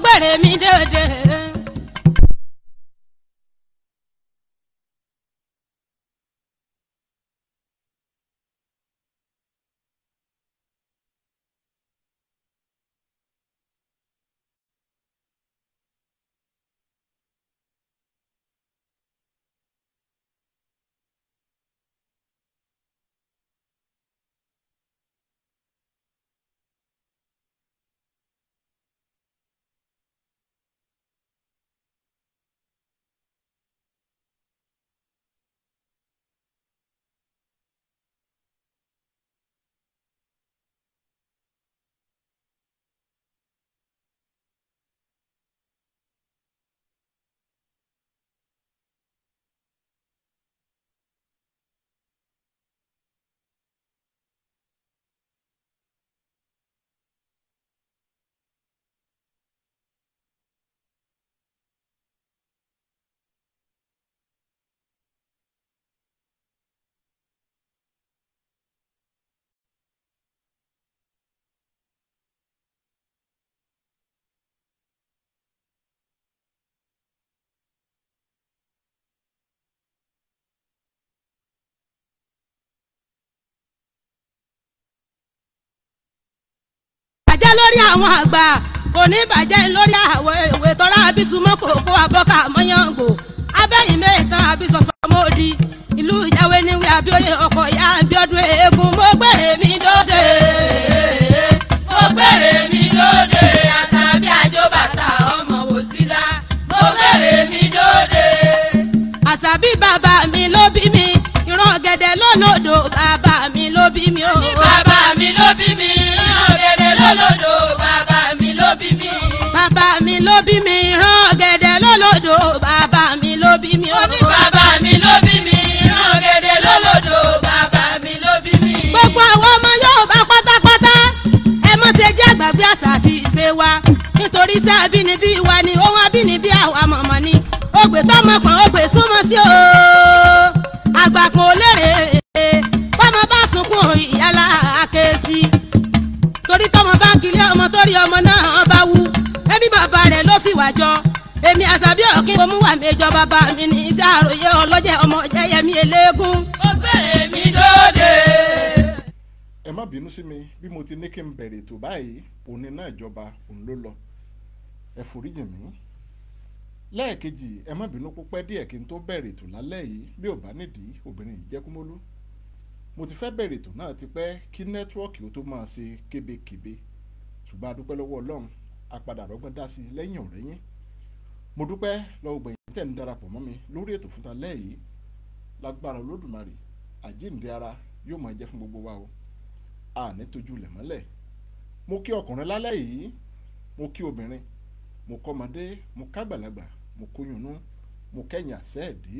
gbèrè mi it. lórí àwọn àgbà kò ní bàjẹ́ lórí àwọn èwe tọ́ra abisumọ́ kòkó abọ́ka mọ́yángò abẹ́yìn mẹ́ẹ̀kan abisọ̀sọ̀ mọ́ọ̀dì ìlú ìjáwé níwẹ̀ abíọ́yè ọkọ̀ ìyá abíọ́dún eégún mo gbèrè mi lóde mo gbèrè mi lóde àṣàbí àjọ bàtà ọmọ wòsílà mo gbèrè mi lóde. àṣàbí bàbá mi ló bí mi ìran gẹ̀dẹ̀ lọ́lọ́dọ̀ bàbá mi ló bí mi o. bàbá mi ló bí mi lọ́lọ́dọ̀ bàbá mi ló bí mi. bàbá mi ló bí mi rán gẹ̀dẹ̀ lọ́lọ́dọ̀ bàbá mi ló bí mi. bàbá mi ló bí mi rán gẹ̀dẹ̀ lọ́lọ́dọ̀ bàbá mi ló bí mi. gbogbo àwọn ọmọ Yorùbá pátápátá ẹ mọ̀ ṣe jẹ́ àgbàgbé àṣà àti ìṣe wa nítorí sí àbínibí wa ni ohun àbínibí àwa mọ̀mọ́ ni ó gbé kan ó gbé sí o àgbà kan ò lérè fọmọ bá sunkún ìyálà torí tọmọ bá kílé ọmọ tó rí ọmọ náà bá wú ẹbí bàbá rẹ̀ ló fi wà jọ èmi àṣàbí ọ̀kí mo mú wà méjọ bàbá mi ní iṣẹ́ àròyé ọmọ jẹ́yẹmí eléégún. ó bẹ̀rẹ̀ mi lóde. ẹ má bínú sí mi bí mo ti ní kí n bẹ̀rẹ̀ ètò báyìí òní náà ìjọba òun ló lọ ẹ foríjì mí lẹ́ẹ̀kejì ẹ má bínú púpẹ́ díẹ̀ kí n tó bẹ̀rẹ̀ ètò lálẹ́ yìí bí ò bá nídìí obìnrin yìí jẹ́ Mo ti fẹ́ bẹ̀rẹ̀ ètò náà tipẹ́ kí nẹ́tíwọ́ọ̀kì ó tó máa ṣe kébékèbé ṣùgbọ́n a dúpẹ́ lọ́wọ́ Ọlọ́run a padà rọ́gbọ́n dá sí i lẹ́yìn ọ̀rẹ́yìn. Mo dúpẹ́ lọ́wọ́ gbẹ̀yìn tẹ̀ ń darapọ̀ mọ́ mi lórí ètò fúnta lẹ́yìn lágbára Olódùmarè àjíǹde ara yóò máa jẹ́ fún gbogbo wa o àní tójú lẹ̀ mọ́lẹ̀ mo kí ọkùnrin lálẹ́ yìí mo kí obìnrin mo kọ́mọdé mo kágbàlagbà mo kóyunnú mo kẹ́yìn àṣẹ́ẹ̀dí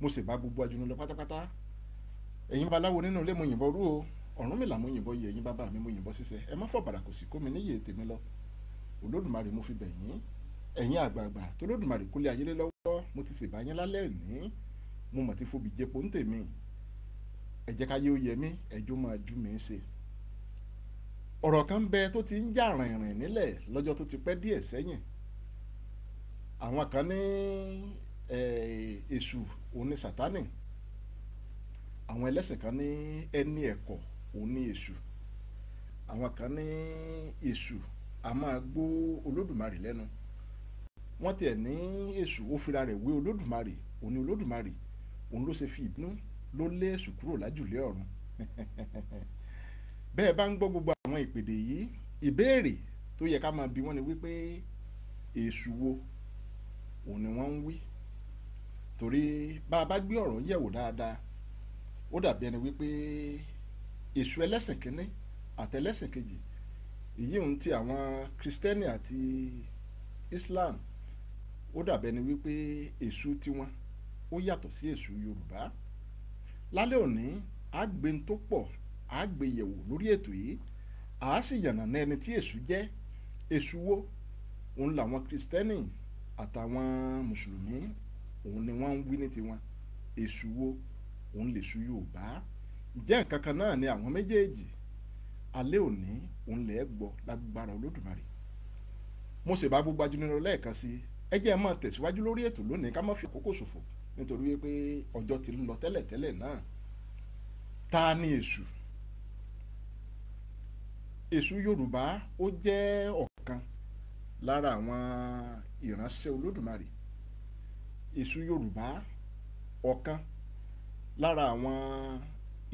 mo sì bá gbogbo ajúnulọ pátápátá ẹ̀yin babaláwo nínú ilé mo yìnbọn rú o Ọ̀rúnmìlà mo yìnbọn yẹ ẹ̀yin bàbá mi mo yìnbọn ṣiṣẹ́ ẹ má fọ̀ bàràkò sí kómi níyì ètè mi lọ olódùmarè mo fi bẹ̀ yín ẹ̀yin àgbààgbà tolódùmarè kúlẹ̀ ayélé lọ́wọ́ mo ti ṣèbá yín lálẹ́ ní mo mọ̀ ti fobi jẹpo ń tèmi ẹ jẹ́ káyé ó yẹ mí ẹjọ́ máa jú mi ṣe ọ̀rọ̀ kan bẹ tó ti ń jà rìnrìn nílẹ̀ lọ́jọ́ tó ti pẹ́ díẹ̀ sẹ́yìn àwọn kan ní èṣù òun ni sátánì àwọn ẹlẹ́sìn kan ní ẹni ẹ̀kọ́ òun ní èṣù àwọn kan ní èṣù a máa gbó olódùmarè lẹ́nu wọ́n tiẹ̀ ní èṣù ó fira rẹ̀ wé olódùmarè òun ní olódùmarè òun ló ṣe fi ìbínú ló lé èṣù kúrò lájùlé ọ̀run bẹ́ẹ̀ bá ń gbọ́ gbogbo àwọn ìpèdè yìí ìbéèrè tó yẹ ká máa bi wọ́n ni wípé èṣù wo òun ni wọ́n ń wí torí bá a bá gbé ọ̀rọ̀ yẹ̀wò dáadáa ó dàbí ẹni wípé èṣù ẹlẹ́sìn kínní àtẹlẹ́sìn kejì èyí ohun tí àwọn kristẹni àti islam ó dàbí ẹni wípé èṣù tiwọn ó yàtọ̀ sí èṣù yorùbá lálẹ́ òní àgbẹ̀n tó pọ̀ àgbẹ̀yẹ̀wò e lórí ètò yìí à á sì yànnàná ẹni tí èṣù jẹ́ èṣù wo òun làwọn kristẹni àtàwọn mùsùlùmí òun ni wọ́n ń wí ní tiwọn èṣù wo òun lèṣu Yorùbá ǹjẹ́ nǹkan kan náà ni àwọn méjèèjì alẹ́ òní òun lè gbọ́ lágbára Olódùmarè mo sì bá gbogbo ajúnirọ lẹ́ẹ̀kan sí ẹ jẹ́ máa tẹ̀síwájú lórí ètò lónìí ká má fi àkókò ṣòfò nítorí wípé ọjọ́ ti ń lọ tẹ́lẹ̀tẹ́lẹ̀ náà ta ni èṣù èṣù Yorùbá ó jẹ́ ọ̀kan lára àwọn ìránṣẹ́ Olódùmarè èṣù Yorùbá ọ̀kan lára àwọn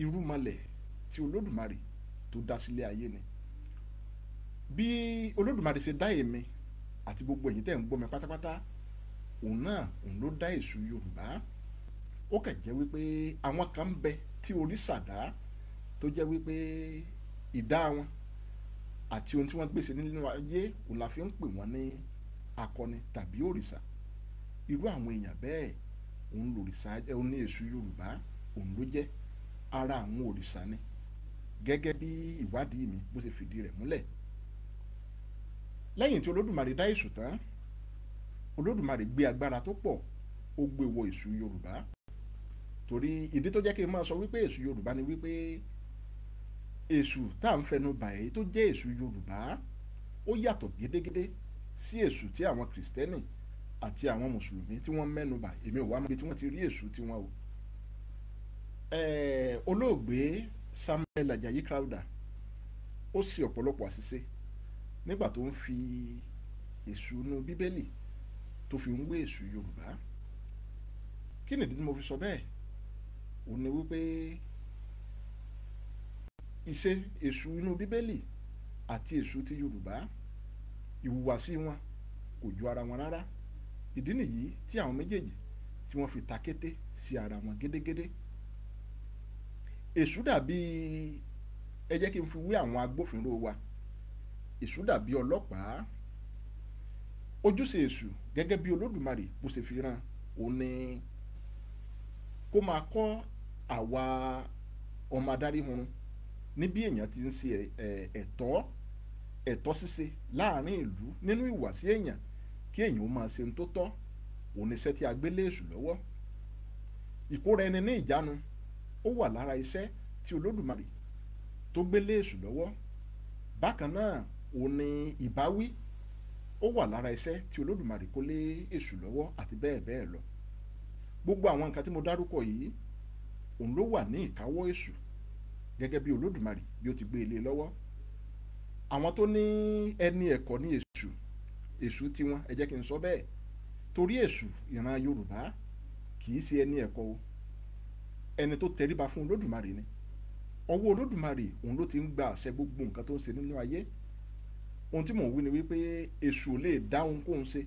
irúmọlẹ̀ tí olódùmarè tó dá sílé ayé ni bí olódùmarè ṣe dá èmi àti gbogbo ẹ̀yin tẹ́ ń gbọ́ mi pátápátá òun náà òun ló dá èṣù yorùbá ó kàn jẹ́ wípé àwọn kan ń bẹ tí òrìṣà dá tó jẹ́ wípé ìdá wọn àti ohun tí wọ́n gbèsè nínú ayé òun la fi ń pè wọ́n ní akọni tàbí òrìṣà irú àwọn èèyàn bẹ́ẹ̀ òun lòrìṣà òun ní èṣù yorùbá òun ló jẹ́ ara àwọn òrìṣà ni gẹ́gẹ́ bí ìwádìí mi bó ṣe fìdí rẹ̀ múlẹ̀ lẹ́yìn tí olódùmarè dá èṣù tán olódùmarè gbé agbára tó pọ̀ ó gbé wọ èṣù yorùbá torí ìdí tó jẹ́ kí n máa sọ wípé èṣù yorùbá ni wípé èṣù tá à ń fẹnu bà èyí tó jẹ́ èṣù yorùbá ó yàtọ̀ gédégédé sí èṣù tí àwọn kìrìsìtẹ́nì àti àwọn mùsùlùmí tí wọ́n mẹ́nu bà èmi ò wá mọ́ ibi tí wọ́n ti rí èṣù tiwọn o Eh, olóògbé Samuel Ajayi Crowther ó sì ọ̀pọ̀lọpọ̀ àṣìṣe nígbà tó ń fi èṣù inú bíbélì tó fi ń wé èṣù Yorùbá kí nìdí tí mo fi sọ bẹ́ẹ̀ òun ni wípé ìṣe èṣù inú bíbélì àti èṣù ti Yorùbá ìhùwàsí wọn kò ju ara wọn rárá ìdí nìyí tí àwọn méjèèjì tí wọ́n fi ta kété sí ara wọn gédégédé. Gédé èṣù dàbí ẹ jẹ́ kí n fi wé àwọn agbófinró wa èṣù dàbí ọlọ́pàá ojúṣe èṣù gẹ́gẹ́ bí olódùmarè bó ṣe fi rán òun ni kó máa kọ́ àwa ọmọ adarí hun ní bí èèyàn ti ń ṣe ẹ̀tọ́ ẹ̀tọ́ ṣíṣe láàrin ìlú nínú ìwàsí èèyàn kí èèyàn ó máa ṣe ń tó tọ́ òun ni iṣẹ́ tí a gbé lé èṣù lọ́wọ́ ìkóra ẹni ní ìjánu ó wà lára iṣẹ́ tí olódùmarè tó gbélé èṣù lọ́wọ́ bákan náà ò ní ìbáwí ó wà lára iṣẹ́ tí olódùmarè kó lé èṣù lọ́wọ́ àti bẹ́ẹ̀ bẹ́ẹ̀ lọ gbogbo àwọn nǹkan tí mo dárúkọ yìí òun ló wà ní ìkáwọ́ èṣù gẹ́gẹ́ bí olódùmarè bí ó ti gbé ilé e e lọ́wọ́ àwọn tó ní ẹni ẹ̀kọ́ ní èṣù èṣù tiwọn ẹ jẹ́ kí n sọ bẹ́ẹ̀ torí èṣù ìran yorùbá kì í ṣe ẹni ẹ̀kọ́ o ẹni tó tẹríba fún olódùmarè ni ọwọ́ olódùmarè òun ló ti ń gba àṣẹ gbogbo nǹkan tó ń ṣe nínú ayé ohun tí mò ń wí ni wípé èṣù ò lè dá ohunkóhun ṣe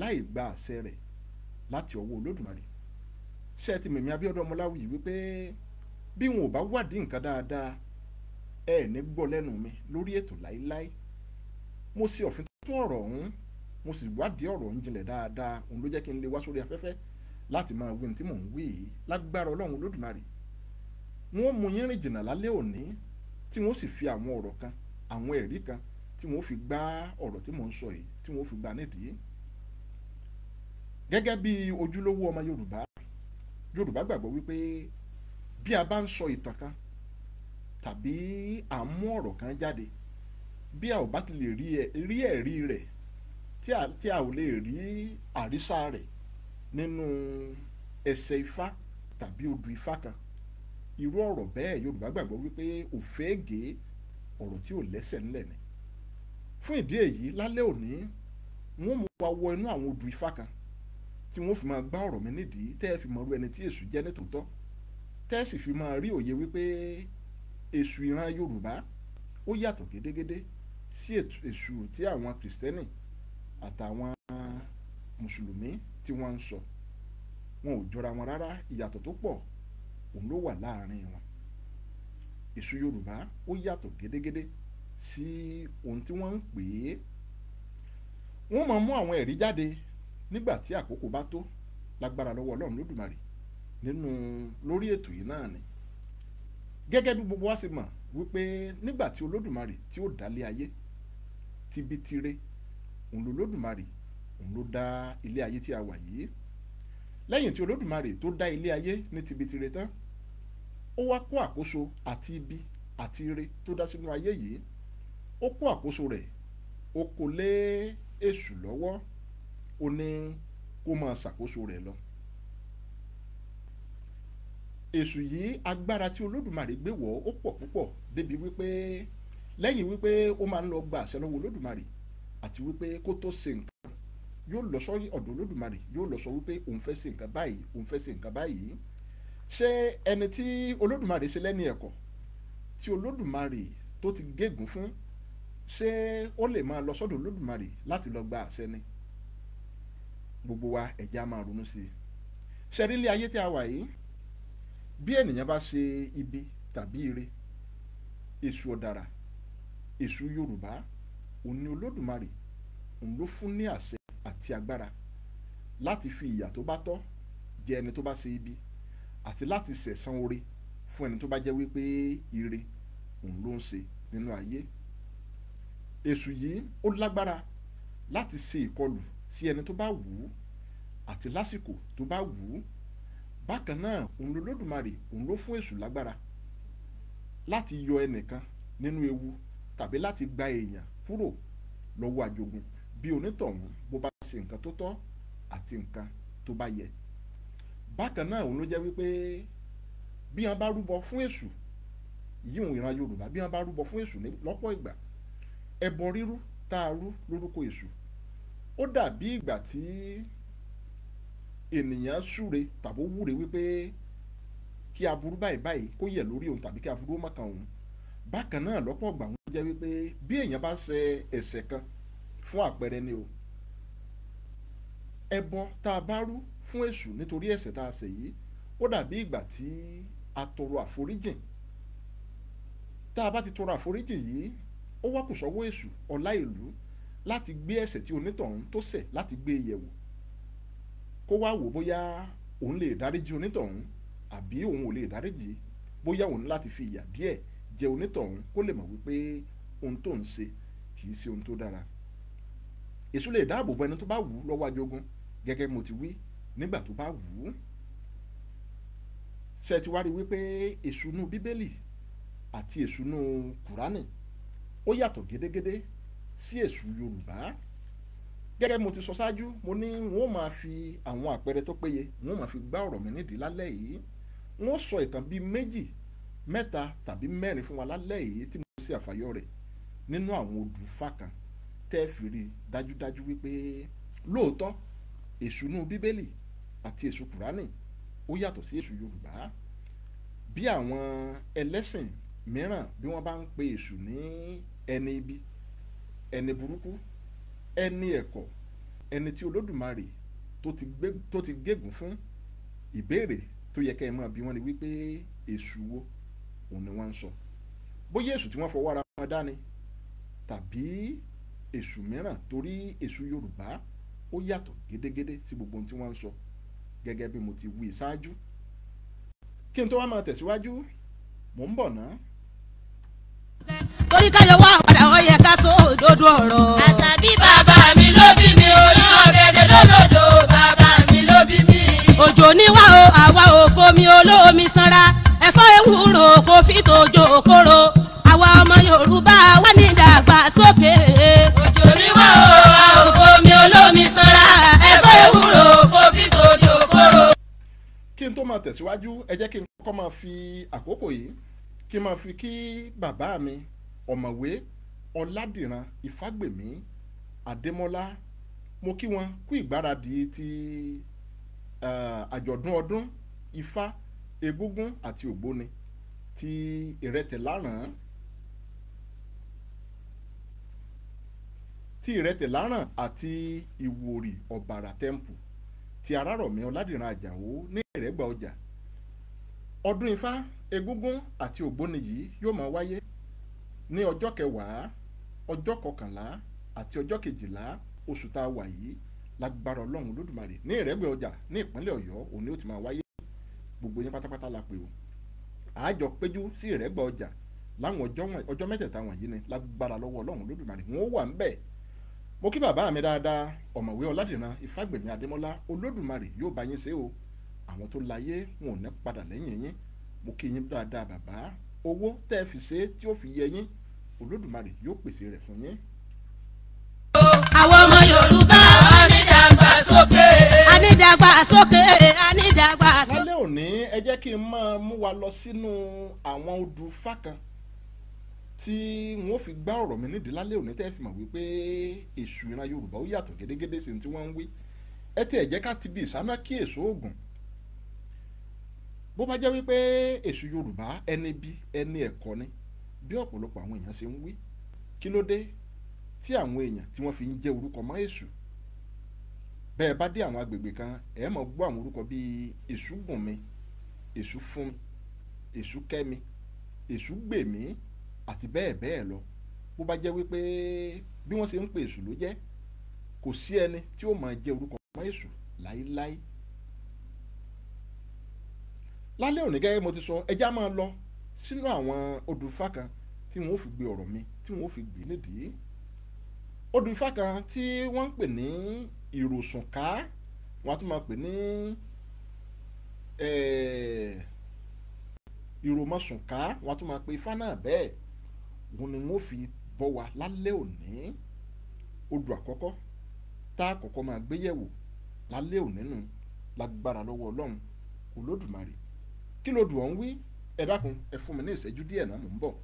láì gba àṣẹ rẹ̀ láti ọwọ́ olódùmarè ṣé ẹ ti mẹ̀mí Abíọ́dún Ọmọláwùyí wípé bí wọn ò bá wádìí nǹkan dáadáa ẹ ní gbọ́ lẹ́nu mi lórí ètò láíláí mo ṣe ọ̀fin tó ọ̀rọ̀ ọ̀hún mo sì wádìí ọ̀rọ̀ ọ̀hún jinlẹ̀ dáadáa òun ló jẹ́ kí n lè wá sórí afẹ́fẹ́ láti máa wí tí mò ń wí yìí lágbára ọlọ́run olódùmarè wọ́n mú yín rìn jìnnà lálẹ́ òní tí wọ́n sì fi àwọn ọ̀rọ̀ kan àwọn ẹ̀rí kan tí wọ́n fi gbá ọ̀rọ̀ tí mò ń sọ yìí tí wọ́n fi gbá nídìí gẹ́gẹ́ bí ojúlówó ọmọ yorùbá yorùbá gbàgbọ́ wípé bí a bá ń sọ ìtàn kan tàbí à ń mú ọ̀rọ̀ kan jáde bí a ò bá ti lè rí ẹ̀rí rẹ̀ tí a ò lè rí àrísà rẹ̀ nínú ẹsẹ̀ ifá tàbí odù ifá kan irú ọ̀rọ̀ bẹ́ẹ̀ yorùbá gbàgbọ́ wípé òféègé ọ̀rọ̀ tí ò lẹ́sẹ̀ ńlẹ̀ ni fún ìdí èyí lálẹ́ òní wọ́n mú wa wọ inú àwọn odù ifá kan tí wọ́n fi máa gbá ọ̀rọ̀ mi nídìí tẹ́ ẹ fi mọ̀rú ẹni tí èṣù jẹ́ nítòótọ́ tẹ́ ẹ sì fi máa rí òye wípé èṣù ìran yorùbá ó yàtọ̀ gédégédé sí èṣù tí àwọn kìrìsìtẹ́nì àtàwọn mùsùlùmí tí wọ́n ń sọ wọn ò jọra wọn rárá ìyàtọ̀ tó pọ̀ òun ló wà láàrin wọn èso yorùbá ó yàtọ̀ gédégédé sí ohun tí wọ́n ń pè é wọ́n máa mú àwọn ẹ̀rí jáde nígbà tí àkókò bá tó lágbára lọ́wọ́ ọlọ́run lódùmarè nínú lórí ètò yìí náà ni gẹ́gẹ́ bí gbogbo wa ṣe mọ̀ wípé nígbà tí olódùmarè tí ó dálé ayé ti bí tiré òun lolódùmarè òun ló dá ilé ayé tí a wà yìí lẹ́yìn tí olódùmarè tó dá ilé ayé ní tibitire tán ó wá kó àkóso àti ibi àti ire tó dá sínú ayé yìí ó kó àkóso rẹ̀ ó kó lé èṣù lọ́wọ́ ó ní kó máa ṣàkóso rẹ̀ lọ. èṣù yìí agbára tí olódùmarè gbé wọ̀ ó pọ̀ púpọ̀ débi wípé lẹ́yìn wípé ó máa ń lọ gba àṣẹ lọ́wọ́ olódùmarè àti wípé kó tó ṣe nǹkan yóò lọ sọ ọ̀dọ̀ olódùmarè yóò lọ sọ wípé òun fẹ́ ṣe nǹkan báyìí òun fẹ́ ṣe nǹkan báyìí ṣé ẹni tí olódùmarè ṣe lẹ́ni ẹ̀kọ́ tí olódùmarè tó ti gégùn fún ṣé ó lè máa lọ sọ́dọ̀ olódùmarè láti lọ gba àṣẹ ni gbogbo wa ẹ̀já máa ronú sí i ṣẹ́rí ilé ayé tí a wà yìí bí ènìyàn bá ṣe ibi tàbí ire èṣù ọ̀dàrà èṣù yorùbá òun ni olódùmarè òun ló fún ní àṣẹ àti agbára láti fi ìyà tó bá tọ́ jẹ ẹni tó bá ṣe ibi àti láti sẹ̀san oore fún ẹni tó bá jẹ́ wípé ire òun ló ń ṣe nínú ayé èṣù yìí ó lágbára láti ṣe ìkọlù sí ẹni tó bá wù ú àti lásìkò tó bá wù ú bákan náà òun ló lódùmarè òun ló fún èṣù lágbára láti yọ ẹnìkan nínú ewu tàbí láti gba èèyàn kúrò lọ́wọ́ ajogun bí onítọ̀hún bó bá ṣe nǹkan tó tọ́ àti nǹkan tó bá yẹ bákan náà òun ló jẹ́ wípé bí wọn bá rúbọ fún èṣù yíwọn ìran yorùbá bí wọn bá rúbọ fún èṣù lọ́pọ̀ ìgbà ẹbọ rírú tá a rú lórúkọ èṣù ó dàbí ìgbà tí ènìyàn súre tàbí wúre wípé kí aburú báyìí báyìí kó yẹ lórí òun tàbí kí aburú ó òun bákan náà lọ́pọ̀ ìgbà wọn jẹ́ wípé bí èèyàn bá ṣe ẹ̀ṣẹ̀ kan fún àpẹẹrẹ ni o ẹbọ tá a bá rú fún èṣù nítorí ẹ̀ṣẹ̀ tá a ṣẹ̀ yìí ó dàbí ìgbà tí a tọrọ àforíjìn tá a bá ti tọrọ àforíjìn yìí ó wá kù sọ́wọ́ èṣù ọlá ìlú láti gbé ẹ̀ṣẹ̀ tí onítọ̀hún tó ṣẹ̀ láti gbé e yẹ̀wò kó wá wò bóyá òun lè dáríjì onítọ̀hún àbí òun ò lè dáríjì bóyá òun láti fi ìyà díẹ̀ jẹ onítọ̀hún kó lè mọ̀ wípé ohun tó ń ṣe kì í ṣe ohun tó dára èṣù lè dáàbò bo ẹni tó bá wù ú lọ́wọ́ ajogun gẹ́gẹ́ mo ti wí nígbà tó bá wù ú ṣe ti wá rí wípé èṣùnú bíbélì àti èṣùnú kùránì ó yàtọ̀ gédégédé sí èṣù yorùbá gẹ́gẹ́ mo ti sọ ṣáájú mo ní wọ́n máa fi àwọn àpẹẹrẹ tó péye wọ́n máa fi gbá ọ̀rọ̀ mi nídìí lálẹ́ yìí wọ́n sọ ìtàn bíi méjì mẹ́ta tàbí mẹ́rin fún wa lálẹ́ yìí tí mo ṣe àfàyọ rẹ̀ nínú àwọn odù fákan tẹ́ẹ̀fì rí dájúdájú wípé lóòótọ́ èṣùnú bíbélì àti èṣù kùránì ó yàtọ̀ sí èṣù yorùbá bí àwọn ẹlẹ́sìn mìíràn bí wọ́n bá ń pe èṣù ní ẹni ibi ẹni burúkú ẹni ẹ̀kọ́ ẹni tí olódùmarè tó ti gégùn fún ìbéèrè tó yẹ kẹ́ ẹ máa wọ́n ní wípé èṣù wo òun ni wọ́n ń sọ bóyá èṣù tí wọ́n fọwọ́ ara wọn dá ni tàbí èṣù mìíràn torí èṣù yorùbá ó yàtọ̀ gédégédé sí gbogbo ohun tí wọ́n ń sọ gẹ́gẹ́ bí mo ti wí ṣáájú kí n tó wá máa tẹ̀síwájú mò ń bọ̀ ná. torí ká yọ wá àwàdà wọn ká sọ òdodo ọ̀rọ̀. àṣàbí bàbá mi ló bí mi orí ọ̀gẹ̀dẹ̀ lọ́lọ́dọ̀ bàbá mi ló bí mi. òjò níwá o àwa ò fomi olómi sanra ẹ̀fọ́ ewúro kò fi tòjò òkòrò àwa ọmọ Yorùbá wà ní ìdàgbàsókè. òjò mi wá o a ò fomi olómi sanra ẹ̀fọ́ ewúro kò fi tòjò kóró. kí n tó máa tẹ̀síwájú ẹ jẹ́ kí n kọ́kọ́ máa fi àkókò yìí kí n máa fi kí bàbá mi ọ̀mọ̀wé ọ̀làdìran ìfàgbèmí àdèmọ́lá mo kí wọn kú ìgbáradì ti àjọ̀dún ọdún ifá egúngún àti ògbóni ti ìrẹtẹ̀ láràn ti ìrẹtẹ̀ láràn àti ìwòrì ọ̀bàrà tẹ́ḿpù ti arárọ̀mí ọ̀làdìran àjàó ní ìrẹ́gbà ọjà ọdún ifá egúngún àti ògbóni yìí yóò máa wáyé ní ọjọ́ kẹwàá ọjọ́ kọkànlá àti ọjọ́ kejìlá oṣù tá a wà yìí lágbára ọlọ́run lódùmarè ní ìrẹ́gbà ọjà ní ìpínlẹ̀ ọ̀yọ́ òní ó ti máa wáyé gbogbo yín pátápátá la pè o àjọ péjú sí ìrẹ́gbà ọjà láwọn ọjọ́ mẹ́tẹ̀ẹ̀ta wọ̀nyí ni lágbára lọ́wọ́ ọlọ́run lódùmarè wọn ó wà ń bẹ́ẹ̀ mo kí bàbá mi dáadáa ọ̀mọ̀wé ọ̀làdìran ìfàgbèmí adémọ́lá olódùmarè yóò bá yín ṣe o àwọn tó láyé wọn ò ní padà lẹ́yìn yín mo kí yín dáadáa bàbá owó tẹ́ ẹ fi ṣe tí ó fi yẹ yín olódùmarè yóò pèsè rẹ̀ fún yín. àwọn ọmọ yorùbá onídàgbà sókè. anídàgbà sókè anídàgbà sókè. lálẹ́ òní ẹ jẹ́ kí n máa mú wa lọ sínú àwọn odù fákan tí wọn fi gbá ọ̀rọ̀ mi nídìí lálẹ́ òní tẹ́ fi mọ̀ wípé èṣù ìran Yorùbá ó yàtọ̀ gédégédé sí tí wọ́n ń wí ẹ tẹ́ ẹ̀ jẹ́ ká ti bi ìsáná kí èso oògùn bó bá jẹ́ wípé èṣù Yorùbá ẹni bí ẹni ẹ̀kọ́ ni bí ọ̀pọ̀lọpọ̀ àwọn èèyàn ṣe ń wí kí ló dé tí àwọn èèyàn tí wọ́n fi ń jẹ́ orúkọ mọ́ èṣù bẹ́ẹ̀ bá dé àwọn agbègbè kan ẹ̀ mọ̀ gbọ́ àwọn orúkọ bíi èṣù gùn èṣù fún èṣù kẹ́ èṣù gbè àti bẹ́ẹ̀ bẹ́ẹ̀ lọ bó bá jẹ́ wípé bí wọ́n ṣe ń pè èṣù ló jẹ́ kò sí ẹni tí ó máa jẹ́ orúkọ mọ́ èṣù láéláé lálẹ́ òní gẹ́gẹ́ mo ti sọ ẹja máa lọ sínú àwọn odù ifá kan tí wọ́n ó fi gbé ọ̀rọ̀ mi tí wọ́n fi gbé nídìí odù ifá kan tí wọ́n ń pè ní ìròsùnká wọ́n á tún máa pè ní ìròmọ̀sùnká wọ́n á tún máa pè ifá náà bẹ́ẹ̀ òun ni wọ́n fi bọ́ wa lálẹ́ òní odò àkọ́kọ́ tá a kọ́kọ́ máa gbé yẹ̀wò lálẹ́ òní nù lágbára lọ́wọ́ ọlọ́run olódùmarè kí lodò ọ̀hún wí ẹ dákun ẹ fún mi ní ìṣẹ́jú díẹ̀ náà mò ń bọ̀.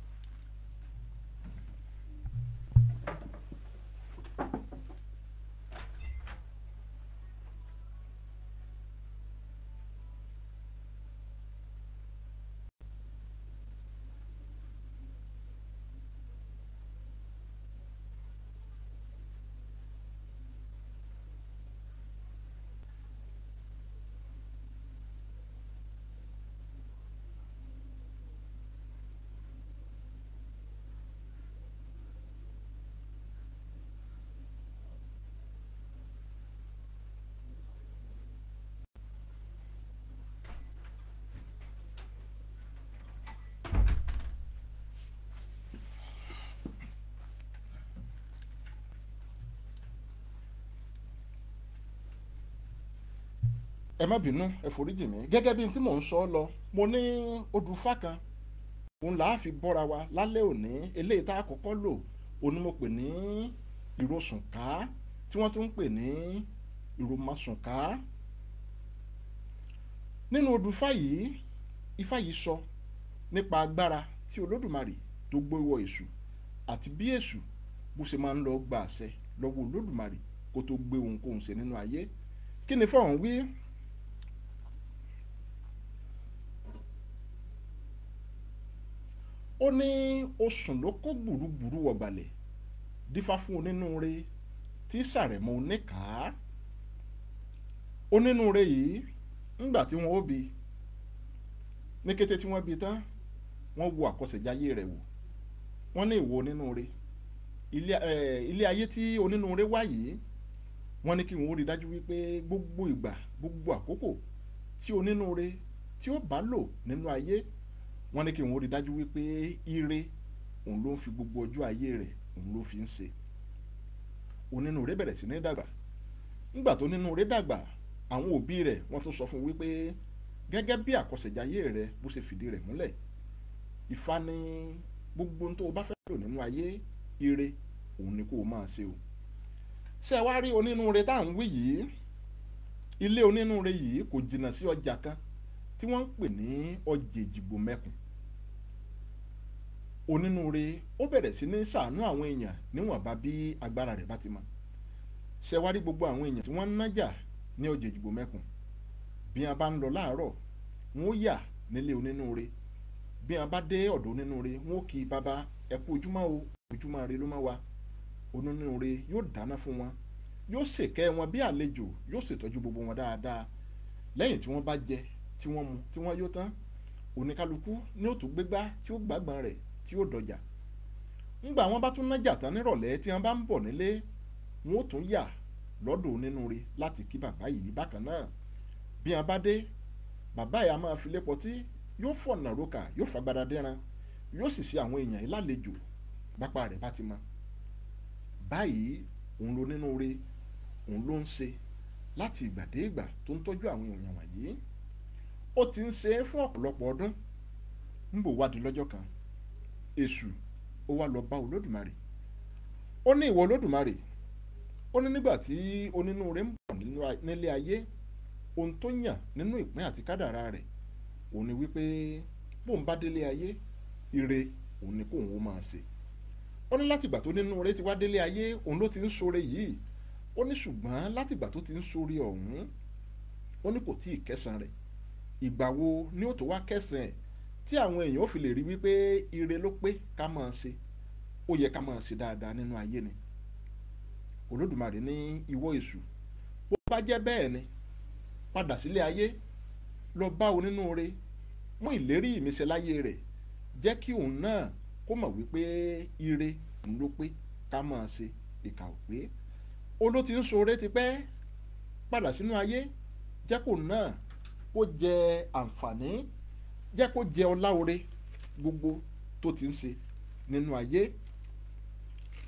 ẹ má bínú ẹ foríjì mí gẹ́gẹ́ bí tí mò ń sọ lọ mo ní odùfá kan òun là á fi bọ́ra wa lálẹ́ òní eléyìí tá a kọ́kọ́ lò òun mo pè ní ìrosùnká tí wọ́n tún ń pè ní ìròmọ̀sùnká nínú odùfá yìí ifá yìí sọ nípa agbára tí olódùmarè tó gbé wọ èṣù àti bí èṣù bó ṣe máa ń lọ gba àṣẹ lọ́wọ́ olódùmarè kó tó gbé ohunkóhun ṣe nínú ayé kí ni fọ́ọ̀hún wí ó ní osùn ló kó gbùrúgbùrú wọ̀gbàlẹ̀ dífá fún onínúure tí sàrẹ̀mọ oníkàá onínúure yìí ńgbà tí wọ́n ó bi ní kété tí wọ́n bi tán wọ́n wo àkọsẹ̀jáyé rẹ̀ wò wọ́n ní ìwọ onínúure ilé ayé tí onínúure wá yìí wọ́n ní kí wọ́n ó rí dájú wípé gbogbo ìgbà gbogbo àkókò tí onínúure tí ó bá lò nínú ayé wọ́n ní kí wọ́n rí dájú wípé ire òun ló ń fi gbogbo ọjọ́ ayé rẹ̀ òun ló fi ń ṣe onínúure bẹ̀rẹ̀ sí ní dàgbà nígbà tó nínúure dàgbà àwọn òbí rẹ̀ wọ́n tún sọ fún wípé gẹ́gẹ́ bí ayé rẹ̀ bó ṣe fìdí rẹ̀ múlẹ̀ Ifá ní gbogbo ohun tó o bá fẹ́ lò nínú ayé ire òun ni kó o máa ṣe o ṣé ẹ wá rí onínúure tá à ń wí yìí ilé onínúure yìí kò jìnnà sí ọjà kan tí wọ́n ń pè ní ọjà èjìgbò mẹ́kùn onínúure ó bẹ̀rẹ̀ sí ní ṣàánú àwọn èèyàn níwọ̀nba bí agbára rẹ̀ bá ti mọ ṣẹwárí gbogbo àwọn èèyàn tí wọ́n ń nájà ní ọjà ìdìbò mẹ́kùn bí wọn bá ń lọ láàárọ̀ wọn ó yà nílé onínúure bí wọn bá dé ọ̀dọ̀ onínúure wọn ó kí bàbá ẹ kú ojúmọ́ o ojúmọ́ rẹ ló máa wà onínúure yóò dáná fún wọn yóò ṣèkẹ́ wọn bí àlejò yóò ṣètọ́jú gbogbo wọn dáadáa lẹ́yìn tí wọ́n bá jẹ tí wọ́n mu tí wọ́n yó tán oníkálukú ni ó tún gbégbá tí ó gbàgbọ́n rẹ̀ tí ó dọjà ńgbà wọn bá tún nájà tán nírọ̀lẹ́ tí wọn bá ń bọ̀ nílé wọn ó tún yà lọ́dọ̀ onínú re láti kí bàbá yìí bákan náà bí wọn bá dé bàbá yìí a máa fi lépọ̀ tí yóò fọ̀nà rókà yóò fagbada dẹ́ran yóò sì ṣe àwọn èèyàn yìí pápá rẹ̀ bá ti mọ báyìí òun ló nínú re òun ló ń ṣe láti ìgbà dé ìgbà tó ń tọ́jú àwọn èèyàn wọ̀nyí ó ti ń ṣe fún ọ̀pọ̀lọpọ̀ ọdún ń bò wádìí lọ́jọ́ kan èṣù ó wá lọ bá olódùmarè ó ní ìwọ olódùmarè ó ní nígbà tí onínúure ń bọ̀ nílé ayé ohun tó yàn nínú ìpín àti kádàrá rẹ̀ òun ni wípé bóun bá délé ayé ire òun ni kóun ó máa ṣe ó ní látìgbà tó nínú rẹ̀ ti wá délé ayé òun ló ti ń ṣoore yìí ó ní ṣùgbọ́n látìgbà tó ti ń ṣoore ọ̀hún ó ní kò tí ì kẹsàn rẹ̀ ìgbà wo ni ó tó wá kẹsàn ẹ̀ tí àwọn èèyàn ò fi lè rí wípé ire ló pé ká máa ṣe ó yẹ ká máa ṣe dáadáa nínú ayé ni olódùmarè ní ìwọ èṣù bó bá jẹ́ bẹ́ẹ̀ ni padà sílé ayé lọ bá onínúure mú ìlérí ìmíṣẹ láyé rẹ̀ jẹ́ kí òun náà kó mọ̀ wípé ire òun ló pé ká máa ṣe ìkà ò pé oló ti ń ṣoore tipẹ́ padà sínú ayé jẹ́ kó náà kó jẹ àǹfààní jẹ́ kó jẹ ọlá oore gbogbo tó ti ń ṣe nínú ayé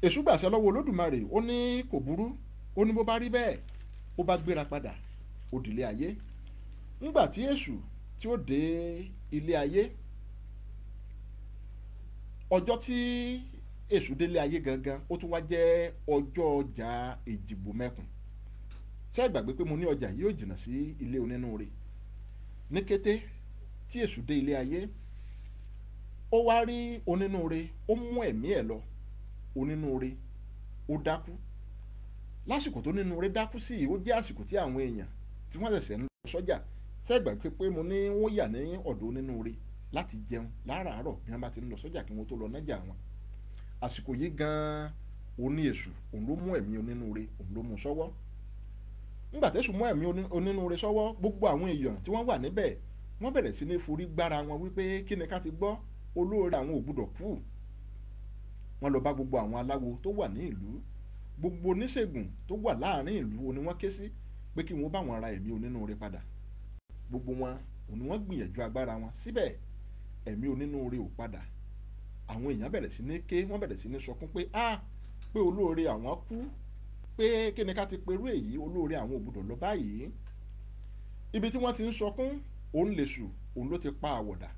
èṣù gbàṣẹ lọ́wọ́ olódùmarè ó ní kò burú ó ní bó bá rí bẹ́ẹ̀ ó bá gbéra padà ó dìlé ayé ńgbà tí èṣù tí ó dé ilé ayé ọjọ́ tí èṣù délé ayé gangan ó tún wá jẹ́ ọjọ́ ọjà èjìgbò mẹ́kùn ṣé ẹ gbàgbé pé mo ní ọjà yóò jìnnà sí ilé onínúure ní kété tí èṣù dé ilé ayé ó wá rí onínúure ó mú ẹ̀mí ẹ̀ lọ onínúure ó dákú lásìkò tó onínúure dákú sí yìí ó jẹ́ àsìkò tí àwọn èèyàn tí wọ́n ṣẹ̀ṣẹ̀ ń lọ sọ́jà fẹ́gbà pé pé mo ní wọ́n yà ní ọ̀dọ̀ onínúure láti jẹun láràárọ̀ bí wọ́n bá ti ń lọ sọ́jà kí wọ́n tó lọ nájà wọn àsìkò yìí gan-an oní èṣù òun ló mú ẹ̀mí onínúure òun ló mú sọ́wọ́ nígbà tẹ́sù mú ẹ̀mí onínúure sọ́wọ́ gbogbo àwọn èèyàn tí wọ́n wà níbẹ̀ wọ́n bẹ̀rẹ̀ sí ní forí gbára wọn wípé kí ni ká ti gbọ́ olóore àwọn ò gbúdọ̀ kú wọ́n lọ bá gbogbo àwọn aláwo tó wà ní ìlú gbogbo oníṣègùn tó wà láàrin ìlú ni wọ́n ké sí pé kí wọ́n bá wọn ra ẹ̀mí onínúure padà gbogbo wọn ni wọ́n gbìyànjú agbára wọn síbẹ̀ ẹ̀mí onínúure ò padà àwọn èèyàn bẹ̀rẹ̀ sí ní ké wọ́n bẹ̀rẹ̀ sí ní sọkún pé ah pé olóore àwọn kú pé kí ni ká ti perú èyí olóore àwọn ò gbúdọ̀ lọ báyìí ibi tí wọ́n ti ń sọkún òun lè sù òun ló ti pa àwọ̀dà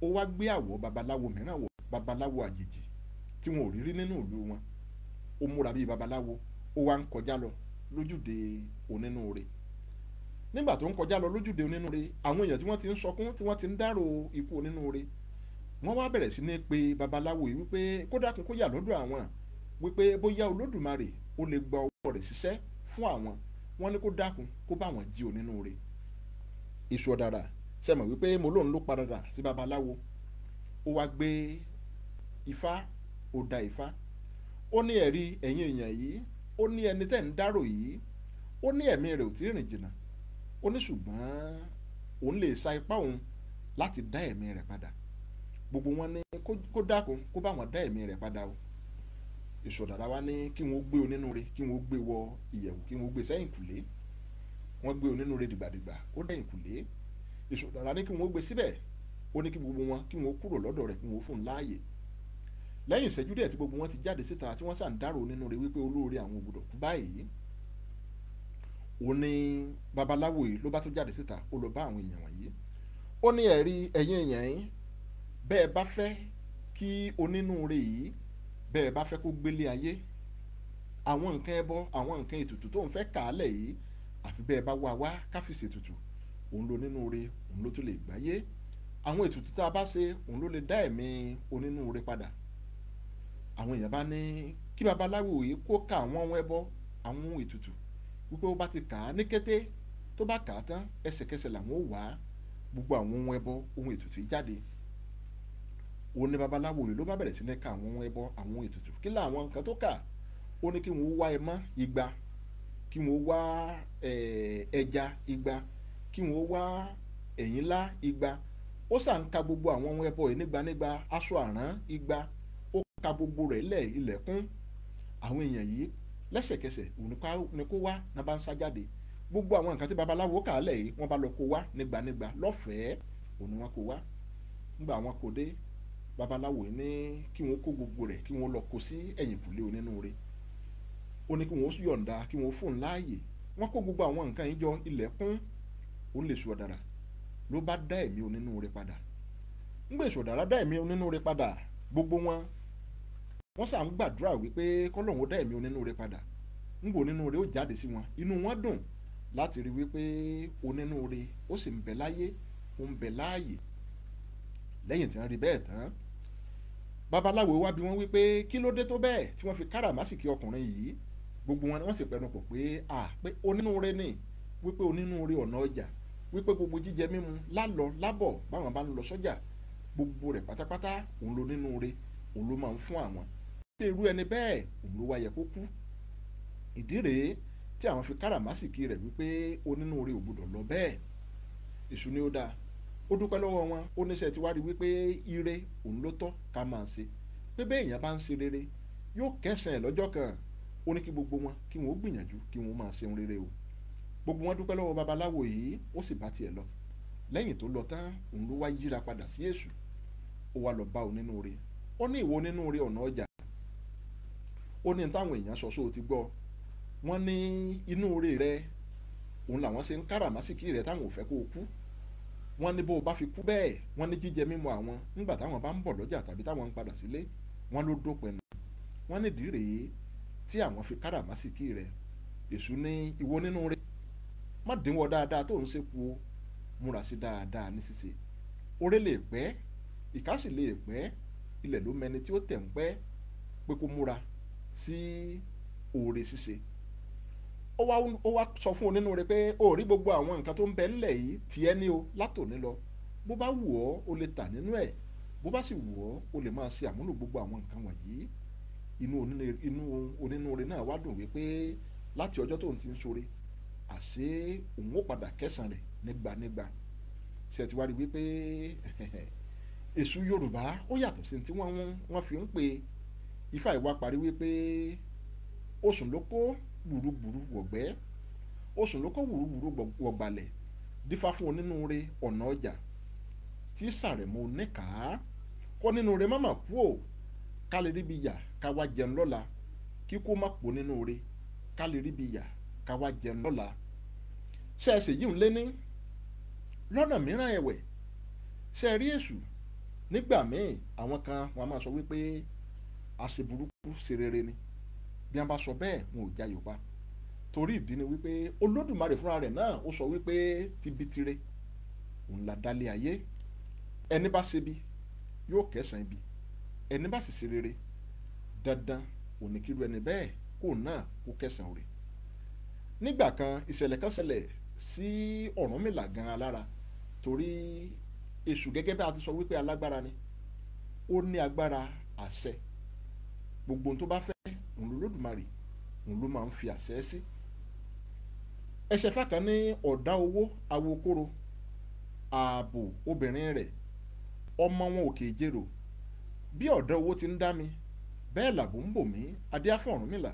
ó wá gbé àwọ̀ babaláwo mìíràn wọ̀ babaláwo àjèjì tí wọn ò rí rí nínú ìlú wọn ó múra bíi babaláwo ó wá ń kọjá lọ lójúde onínúure nígbà tó ń kọjá lọ lójúde onínúure àwọn èèyàn tí wọ́n ti ń sọkún tí wọ́n ti ń dárò ikú onínúure wọ́n wá bẹ̀rẹ̀ sí ní pe babaláwo yìí wípé kó dákun kó yà lọ́dọ̀ àwọn wípé bóyá olódùmarè ó lè gba ọwọ́ rẹ̀ ṣiṣẹ́ fún àwọn wọ́n ní kó dákun kó bá wọn jí onínúure èṣù ọ̀dàrà ṣe mọ̀ wípé mo lóun ló paradà sí babaláwo ó wá gbé ifá ó da ifá ó ní ẹ̀rí ẹ̀yin èèyàn yìí ó ní ẹni tẹ́ ń dárò yìí ó ní ẹ̀mí rẹ̀ ò tí ì rìn jìnnà ó ní ṣùgbọ́n òun lè sa ipá òun láti dá ẹ̀mí rẹ̀ padà gbogbo wọn ní kó dákun kó bá wọn dá ẹ̀mí rẹ̀ padà o èṣù wa ní kí wọn ó gbé onínúure kí wọn gbé wọ ìyẹ̀wò kí wọn gbé sẹ́yìn kùlé wọ́n gbé onínúure dìgbàdìgbà ó dẹ̀yìn kùlé ìṣòdàrà ní kí wọ́n gbé síbẹ̀ ó ní kí gbogbo wọn kí wọ́n kúrò lọ́dọ̀ rẹ̀ kí wọ́n fún un láàyè lẹ́yìn ìṣẹ́jú díẹ̀ tí gbogbo wọn ti jáde síta tí wọ́n sàn dárò onínúure wípé olóore àwọn ògbòdò kú báyìí ó ní babaláwo yìí ló bá tún jáde síta ó lọ bá àwọn èèyàn wọ̀nyí ó ní ẹ̀rí ẹ̀yin èèyàn yín bẹ́ẹ̀ bá fẹ́ kí onínúure yìí bẹ́ẹ̀ bá fẹ́ kó gbélé ayé àwọn nǹkan ẹbọ àwọn nǹkan ètùtù tó ń fẹ́ kàálẹ̀ yìí àfi bẹ́ẹ̀ bá wá wá káfíìsì ètùtù òun ló nínúure òun ló tó lè gbáyé àwọn ètùtù tá a bá ṣe òun ló lè dá ẹ̀mí onínúure padà àwọn èèyàn bá ní kí babaláwo yìí kó ka àwọn ohun ẹbọ àwọn ohun ètùtù wípé ó bá ti kà á ní kété tó bá kà á tán ẹsẹ̀kẹsẹ̀ làwọn ò wá gbogbo àwọn ohun ẹbọ ohun ètùtù yìí jáde òun ni babaláwo yìí ló bá bẹ̀rẹ̀ sí ní ka àwọn ohun ẹbọ àwọn ohun ètùtù kí làwọn nǹkan tó kà ó ní kí wọ́n wá ẹ mọ́ igba kí wọ́n wá ẹja igba kí wọ́n wá ẹ̀yìnlá igba ó sàn ka gbogbo àwọn ohun ẹbọ yìí nígbanígba aṣọ àrán igba ó ka gbogbo rẹ̀ lẹ̀ ilẹ̀kùn àwọn èèyàn yìí lẹ́sẹ̀kẹsẹ̀ ni kó wá ní bá ń sá jáde gbogbo àwọn nǹkan tí babaláwo kà á lẹ̀ yìí wọ́n bá lọ kó wá nígbanígba lọ́fẹ̀ẹ́ òun ni wọ́n kó wá nígbà wọn kò dé babaláwo yìí ní kí wọ́n kó gbogbo rẹ̀ kí wọ́n lọ kó sí ẹ̀yìnkùlé onínúure ó ní kí wọ́n yọ̀ǹda kí wọ́n fóun láàyè wọ́n kó gbogbo àwọn nǹkan yìí jọ ilẹ̀kùn ó lè sùn ọ̀dàrà ló bá dá ẹ̀mí onínú rẹ̀ padà ńgbè sùn ọ̀dàrà dá ẹ̀mí onínú rẹ̀ padà gbogbo wọn wọ́n sà ń gbàdúrà wípé kọ́lọ́hún ó dá ẹ̀mí onínú rẹ̀ padà ńgbò onínú rẹ̀ ó jáde sí wọn inú wọn dùn láti rí wípé onínú rẹ̀ ó sì ń bẹ láyé ó ń bẹ láàyè lẹ́yìn tí wọ́n rí bẹ́ẹ̀ tán babaláwo wá bi wọ́n wípé kí ló dé tó bẹ́ẹ̀ tí wọ́n fi káràmásìkí ọkùnrin yìí gbogbo wọn ni wọ́n sì pẹnu kò pé à pé onínúure ni wípé onínúure ọ̀nà ọjà wípé gbogbo jíjẹ mímu lálọ lábọ̀ báwọn bá ń lọ sọ́jà gbogbo rẹ̀ pátápátá òun ló nínúure òun ló máa ń fún àwọn tí irú ẹni bẹ́ẹ̀ òun ló wá yẹ kó kú ìdí rèé tí àwọn fi káràmásìkì rẹ̀ wípé onínúure ò gbọdọ̀ lọ bẹ́ẹ̀ èṣù ni ó dáa ó dúpẹ́ lọ́wọ́ wọn ó níṣẹ́ ti wá wípé ire òun ló tọ́ ká máa ṣe pé bẹ́ẹ̀ èèyàn bá ń ṣe rere yóò kẹsàn-án lọ́jọ́ kan ó ní kí gbogbo wọn kí wọn ó gbìyànjú kí wọn ó máa ṣe ohun rere o gbogbo wọn dúpẹ́ lọ́wọ́ babaláwo yìí ó sì bá tiẹ̀ lọ lẹ́yìn tó lọ tán òun ló wá yíra padà sí èṣù ó wá lọ bá onínúure ó ní ìwọ onínúure ọ̀nà ọjà ó ní táwọn èèyàn sọ sóò ti gbọ́ wọ́n ní inúure rẹ òun làwọn ṣe ń káràmásìkì rẹ táwọn ò fẹ́ kó o kú wọ́n ní bó o bá fi kú bẹ́ẹ̀ wọ́n ní jíjẹ mímu àwọn nígbà táwọn bá ń bọ̀ lọ́jà tàbí táwọn ń padà sílé wọ́n ló dópin nù wọ́n nídìí rèé tí àwọn fi káràmásìkí rẹ̀ èṣù ní ìwọ nínú rẹ̀ má dínwó dáadáa tó ń ṣekú o múra sí dáadáa ní ṣíṣe oore lè pẹ́ ìkásì lè pẹ́ ilẹ̀ ló mẹni tí ó tẹ̀ ń pẹ́ pé kó múra sí oore ṣíṣe ó wá ó wá sọ fún onínú rẹ pé ó rí gbogbo àwọn nǹkan tó ń bẹ ńlẹ̀ yìí tiẹ̀ ní o látòní lọ bó bá wù ọ́ o lè tà nínú ẹ̀ bó bá sì wù ọ́ o lè máa ṣe àmúlò gbogbo àwọn nǹkan wọ̀nyí inú onínúure náà wá dùn wípé láti ọjọ́ tóun ti ń ṣoore àṣé òun ó padà kẹsàn rẹ̀ nígbànígbà ṣe ti wá rí wípé èṣù Yorùbá ó yàtọ̀ sí tí wọ́n wọ́n fi ń pe ifá ìwà parí wípé oṣùn ló kó gbùrúgbùrú wọ̀gbẹ́ oṣùn ló kó gbùrúgbùrú wọ̀gbàlẹ̀ dífá fún onínúure ọ̀nà ọjà tí sàrẹ̀mọ́ oníkàá kọ́ nínú rẹ̀ má mà kú o ká lè ríbi yà ká wá jẹun lọ́la kíkó má pò nínú re ká lè ríbi yà ká wá jẹun lọ́la ṣe é ṣèyí ń lé ní lọ́nà mìíràn ẹ̀wẹ̀ ṣe rí èṣù nígbà míì àwọn kan wọn máa sọ wípé àṣeburúkú ṣe ni bí wọn bá sọ bẹ́ẹ̀ wọn ò já yorùbá torí ìdí ni wípé olódùmarè fúnra rẹ̀ náà ó sọ wípé tibitire òun la dálé ayé ẹni bá ṣe bí yóò kẹsàn-án ibi ẹni bá sì ṣe rere dandan òní kíru ẹni bẹ́ẹ̀ kó náà kó kẹsàn-án rẹ̀ nígbà kan ìṣẹ̀lẹ̀ kan ṣẹlẹ̀ sí Ọ̀rúnmìlà gan alára torí èṣù gẹ́gẹ́ bí a ti sọ wípé alágbára ni ó ní agbára àṣẹ gbogbo ohun tó bá fẹ́ òun l'Olódùmarè òun ló máa ń fi àṣẹ sí ẹsẹ̀ fákan ní ọ̀dá owó awokoro ààbò obìnrin rẹ̀ ọmọ wọn ò kè é jèrò bí ọ̀dọ́ owó ti ń dá mi bẹ́ẹ̀ làbò ń bò mí adé á fún Ọ̀rúnmìlà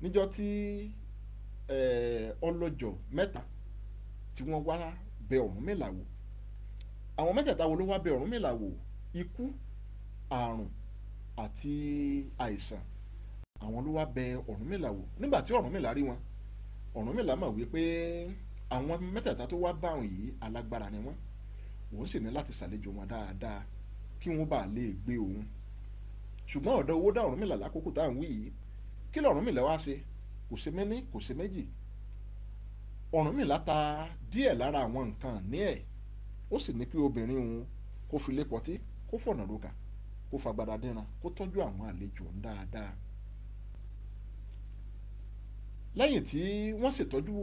níjọ́ tí ọlọ́jọ́ mẹ́ta tí wọ́n wá bẹ Ọ̀rúnmìlà wò àwọn mẹ́tẹ̀ẹ̀ta wo ló wá bẹ Ọ̀rúnmìlà wò ikú àrùn àti àìsàn àwọn ló wá bẹ Ọ̀rúnmìlà wò nígbà tí Ọ̀rúnmìlà rí wọn Ọ̀rúnmìlà mọ̀ wípé àwọn mẹ́tẹ̀ẹ̀ta tó wá bá òun yìí alágbára ni wọ́n òun sì ní láti ṣàlejò wọn dáadáa kí wọ́n bá lè gbé òun ṣùgbọ́n ọ̀dọ̀ owó dá Ọ̀rúnmìlà lákòókò tá à ń wí yìí kí l'Ọ̀rúnmìlà wá ṣe kò ṣe méní kò ṣe méjì Ọ̀rúnmìlà ta díẹ̀ lára àwọn nǹkan ní ẹ̀ ó sì ní kí obìnrin òun kó fi lé pọtí kó fọ̀nà róka kó fagbada dínran kó tọ́jú àwọn àlejò ń dáadáa lẹ́yìn tí wọ́n ṣètọ́jú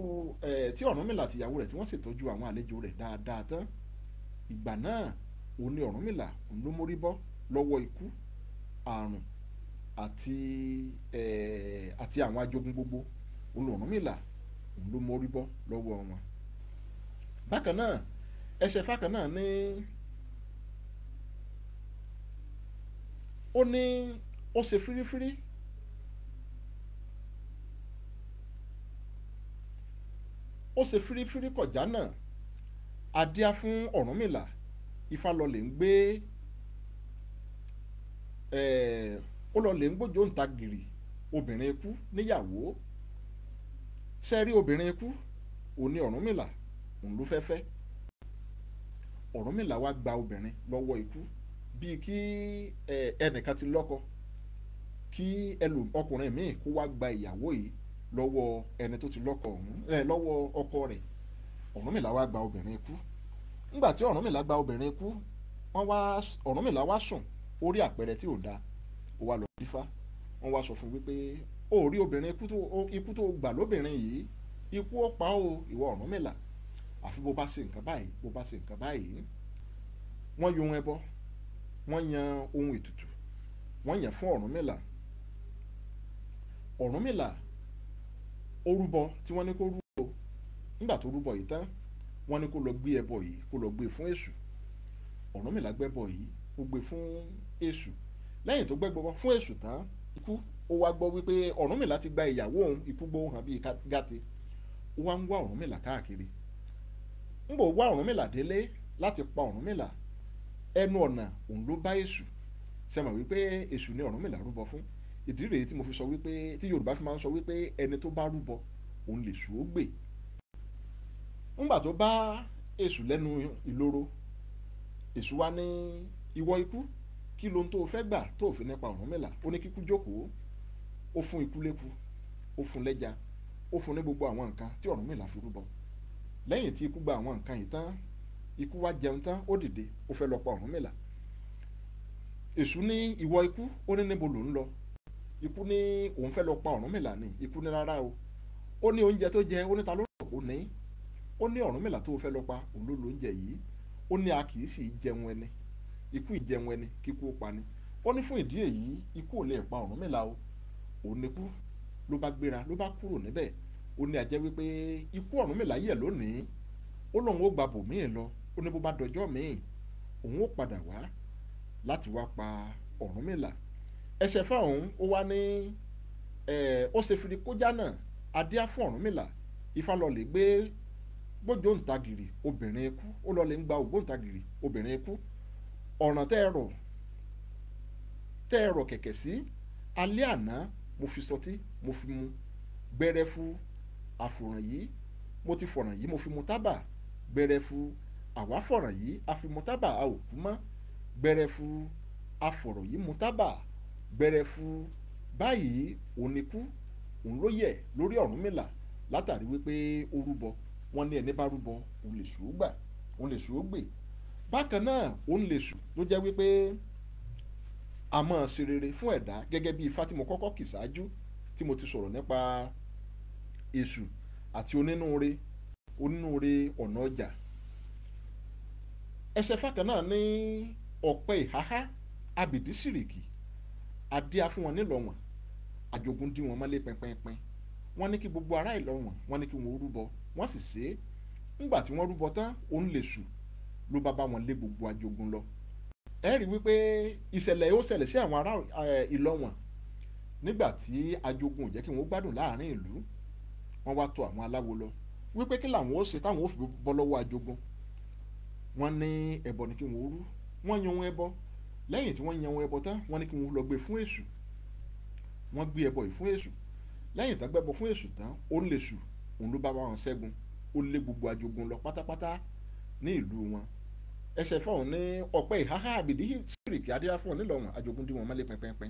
ẹ̀ tí Ọ̀rúnmìlà àtìyàwó rẹ̀ tí wọ́n ṣètọ́jú àwọn àlejò rẹ̀ dáadáa tán ìgbà náà òun ni Ọ̀rúnmìlà òun ló mórí bọ́ lọ́wọ́ ikú àrùn àti àti àwọn ajogun gbogbo òun l'Ọ̀rúnmìlà òun ló mórí bọ́ lọ́wọ́ wọn. bákan náà ẹsẹ̀ fákan náà ní ó ní ó ṣe fírífírí ó ṣe fírífírí kọjá náà adíá fún ọ̀run Ọ̀rúnmìlà Ifálọlẹ̀ ń gbé eh, ó lọlẹ̀ ń gbójó ń ta gìrì obìnrin ikú níyàwó sẹ́rí obìnrin ikú òní Ọ̀rúnmìlà òun ló fẹ́fẹ́ Ọ̀rúnmìlà wá gba obìnrin lọ́wọ́ ikú bíi kí eh, ẹnìkan ti lọ́kọ kí ọkùnrin míì kó wá gba ìyàwó yìí lọ́wọ́ ẹni tó ti lọ́kọ ọ̀hún eh, lọ́wọ́ ọkọ rẹ̀ Ọ̀rúnmìlà wá gba obìnrin ikú ńgbà tí ọ̀rúnmìlà gba obìnrin kú wọ́n wá ọ̀rúnmìlà wá sùn ó rí àpẹẹrẹ tí ò dáa ó wá lọ dífá wọ́n wá sọ fún wípé ó rí obìnrin ikú tó gbà lóbìnrin yìí ikú ó pa ó ìwọ ọ̀rúnmìlà àfi bó bá ṣe nǹkan báyìí bó bá ṣe nǹkan báyìí wọ́n yọ ohun ẹbọ wọ́n yan ohun ètùtù wọ́n yàn fún ọ̀rúnmìlà ọ̀rúnmìlà ó rúbọ tí wọ́n ní kó rúbọ nígbà tó rúbọ yìí tán wọ́n ní kó lọ gbé ẹbọ yìí kó lọ gbé e fún èṣù Ọ̀rúnmìlà gbẹ́bọ yìí ó gbé e fún èṣù lẹ́yìn tó gbẹ́bọ fún èṣù tán ikú ó wá gbọ́ wípé Ọ̀rúnmìlà ti gba ìyàwó òun ikú gbóhùn hàn bíi gàtè ó wá ń wá Ọ̀rúnmìlà káàkiri ń bò wá Ọ̀rúnmìlà délé láti pa Ọ̀rúnmìlà ẹnu ọ̀nà òun ló bá èṣù ṣe wípé èṣù ni Ọ̀rúnmìlà rúbọ fún ìdí rèé tí mo fi sọ wípé tí Yorùbá fi máa ń sọ wípé ẹni tó bá rúbọ òun lè ṣù ó gbè ńgbà tó bá èṣù lẹ́nu ìloro èṣù wa ní ìwọ ikú kí lohun tó o fẹ́ gbà tó o fi nípa ọ̀run mẹ́la ó ní kíkú jókòó ó fún ikú léku ó fún lẹ́ja ó fún ní gbogbo àwọn nǹkan tí ọ̀run mẹ́la fi rúbọ lẹ́yìn tí ikú gba àwọn nǹkan yìí tán ikú wá jẹun tán ó dìde ó fẹ́ lọ pa ọ̀run mẹ́la èṣù ní ìwọ ikú ó ní níbo ló ń lọ ikú ní òun fẹ́ lọ pa ọ̀run mẹ́la ni ikú ní rárá o ó ní oúnjẹ tó jẹ ó ní ta ló rò ó ní Ọ̀rúnmìlà tó fẹ́ lọ pa òun ló lóúnjẹ yìí ó ní a kì í sì jẹun ẹni ikú ìjẹun ẹni kíkú pa ni ó ní fún ìdí èyí ikú ò lè pa Ọ̀rúnmìlà o òun ni kú ló bá gbéra ló bá kúrò níbẹ̀ ó ní àjẹ́ wípé ikú Ọ̀rúnmìlà yẹ̀ lónìí ó lóun ó gba bòmíì lọ ó ní bó bá dọjọ́ míì òun ó padà wá láti wá pa Ọ̀rúnmìlà ẹsẹ̀ fáwọn ó wá ní ó ṣe fìdí kójá náà adíá fún Ọ̀rúnmìlà Ifá lọ lè gbé gbójóǹtagìrì obìnrin ikú ó lọ lè ń gba ògbóǹtagìrì obìnrin ikú ọ̀ràn tẹ́ ẹ rọ̀ tẹ́ ẹ rọ̀ kẹ̀kẹ́ sí alẹ́ àná mo fi sọtí mo fi mu gbẹrẹfu àfòràn yìí mo ti fọ̀ràn yìí mo fi mu tábà gbẹrẹfu àwa fọ̀ràn yìí a fi mu tábà a ò kú mọ́ gbẹrẹfu afọ̀rọ̀ yìí mu tábà gbẹrẹfu báyìí òun òun ló yẹ lórí Ọ̀rúnmìlà látàrí wípé ó rúbọ wọ́n ní ẹni bá rúbọ òun lè ṣòó gbà òun lè ṣòó gbè bákan náà òun lè ṣù ló jẹ́ wípé àmọ́ ṣe rere fún ẹ̀dá gẹ́gẹ́ bí ifá tí mo kọ́kọ́ kì sáájú tí mo ti sọ̀rọ̀ nípa èṣù àti onínúure onínúure ọ̀nà ọjà ẹsẹ̀ fákan náà ní ọ̀pẹ ìháhá abìdí sìrìkì adé afúnwọn nílọ̀wọ̀n àjogún dí pẹ́ńpẹ́ńpẹ́ wọ́n ní kí gbogbo ará Ìlọ̀wọ̀n wọ́n ní kí wọ́n rúbọ wọ́n sì ṣe é ńgbà tí wọ́n rúbọ tán òun lè sù ló bá bá wọn lé gbogbo ajogun lọ. ẹ rí wípé ìṣẹ̀lẹ̀ ó ṣẹlẹ̀ sí àwọn ará ìlọ́wọ̀n nígbà tí ajogun ò jẹ́ kí wọ́n gbádùn láàrin ìlú wọ́n wá tọ àwọn aláwo lọ wípé kí làwọn ó ṣe táwọn ó fi bọ́ lọ́wọ́ ajogun wọ́n ní ẹbọ ni kí wọ́n rú wọ́n yan wọn ẹbọ lẹ́yìn tí wọ́n yan wọn ẹbọ tán wọ́n ní kí wọ́n lọ gbé e fún èṣù wọ́n gbé ẹbọ yìí fún èṣù lẹ́yìn tán gbẹ́bọ fún èṣù tán ó lè ṣù òun ló bá wa hàn ṣẹ́gun ó lé gbogbo ajogun lọ pátápátá ní ìlú wọn ẹsẹ̀ fọ́ọ̀hún ní ọ̀pẹ́ ìháhá àbìdí sírìkì adéáfọ́ọ̀ nílọ̀hún ajogun dí wọn mọ́lẹ̀ pẹ́pẹ́pẹ́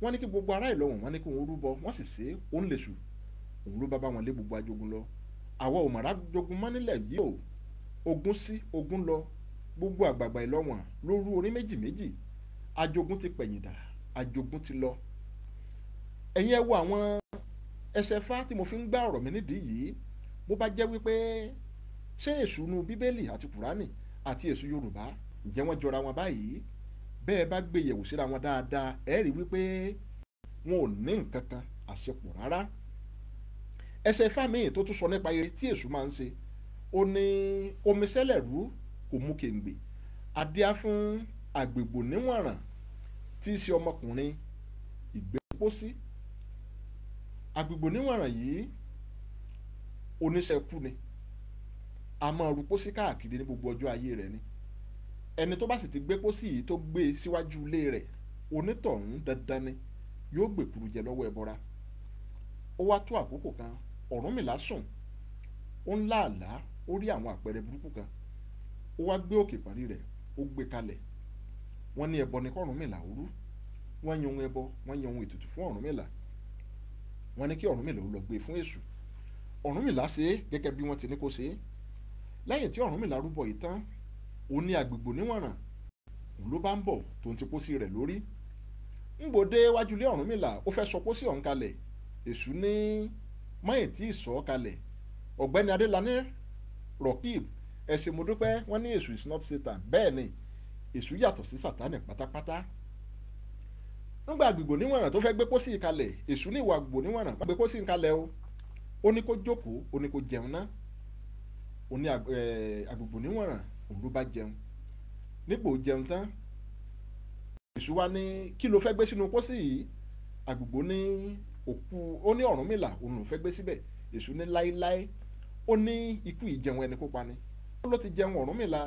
wọ́n ní kí gbogbo ará ìlọ̀hún wọ́n ní kí wọ́n rúbọ wọ́n sì ṣe òun lè ṣù òun ló bá bá wọn lé gbogbo ajogun lọ àwa ò jogun mọ́ nílẹ̀ yìí o ogun sí ogun lọ gbogbo àgbààgbà ìlọ̀wọ̀n ló rú orí méjì méjì ajogun ti pẹ̀yìndà ajogun ti lọ ẹ̀yin ẹ wo àwọn ẹsẹ̀ fá tí mo fi ń gbá ọ̀rọ̀ mi nídìí yìí bó bá jẹ́ wípé ṣé èṣùnú bíbélì àti kùránì àti èṣù yorùbá ǹjẹ́ wọ́n jọra wọn báyìí bẹ́ẹ̀ bá gbé yẹ̀wò síra wọn dáadáa ẹ rí wípé wọn ò ní nǹkan kan àṣepọ̀ rárá ẹsẹ̀ ifá míì tó tún sọ nípa ire tí èṣù máa ń ṣe ó ní omi sẹ́lẹ̀ kò mú kèǹgbè adíá fún àgbègbò níwọ̀nràn tí í ṣe ọmọkùnrin ìgbẹ́pọ́sí agbègbè oníwọ̀nràn yìí oníṣẹ́kù ni a máa ru pósí káàkiri ní gbogbo ọjọ́ ayé rẹ̀ ni ẹni tó bá sì ti gbé pósí yìí tó gbé e síwájú ilé rẹ̀ onítọ̀hún dandan ni yóò gbèkúrú jẹ lọ́wọ́ ẹbọra ó wá tó àkókò kan Ọ̀rúnmìlà sùn ó ń láàlá ó rí àwọn àpẹẹrẹ burúkú kan ó wá gbé òkè parí rẹ̀ ó gbé kalẹ̀ wọ́n ní ẹbọ ni kọ́rùnmìlà ó rú wọ́n yan ohun ẹbọ wọ́n yan ohun ètùtù fún Ọ̀rúnmìlà wọ́n ní kí Ọ̀rúnmìlà ó lọ gbé e fún Èṣù Ọ̀rúnmìlà ṣe é gẹ́gẹ́ bí wọ́n ti ní kó ṣe é lẹ́yìn tí Ọ̀rúnmìlà rúbọ yìí tán òun ní agbègbè oníwọ̀nràn òun ló bá ń bọ̀ tó ń ti pósí rẹ̀ lórí ńgbòde wájú ilé Ọ̀rúnmìlà ó fẹ́ sọ pósí ọ̀hún kalẹ̀ Èṣù ní mọ́yìn tí ì sọ ọ́ kalẹ̀ ọ̀gbẹ́ni Adélaní Rọ̀kìb ẹ̀sìn mo dúpẹ́ wọ́n ní Èṣù is not Satan bẹ́ẹ̀ ni Èṣù yàtọ̀ sí Sátánì pátápátá nígbà àgbègbò níwọ̀nà tó fẹ́ gbé pósí ìkalẹ̀ èṣù ní ìwà àgbègbò níwọ̀nà gbé pósí ìkalẹ̀ o ó ní kó jókòó ó ní kó jẹun ná ó ní eh, àgbègbò níwọ̀nà òun ló bá jẹun nípò jẹun tán èṣù wa ní kí ló fẹ́ gbé sínú pósí yìí àgbègbò ní òkú ó ní Ọ̀rúnmìlà òun ló fẹ́ gbé síbẹ̀ èṣù ní láéláé ó ní ikú ìjẹun ẹni kó ni ó ló ti jẹun Ọ̀rúnmìlà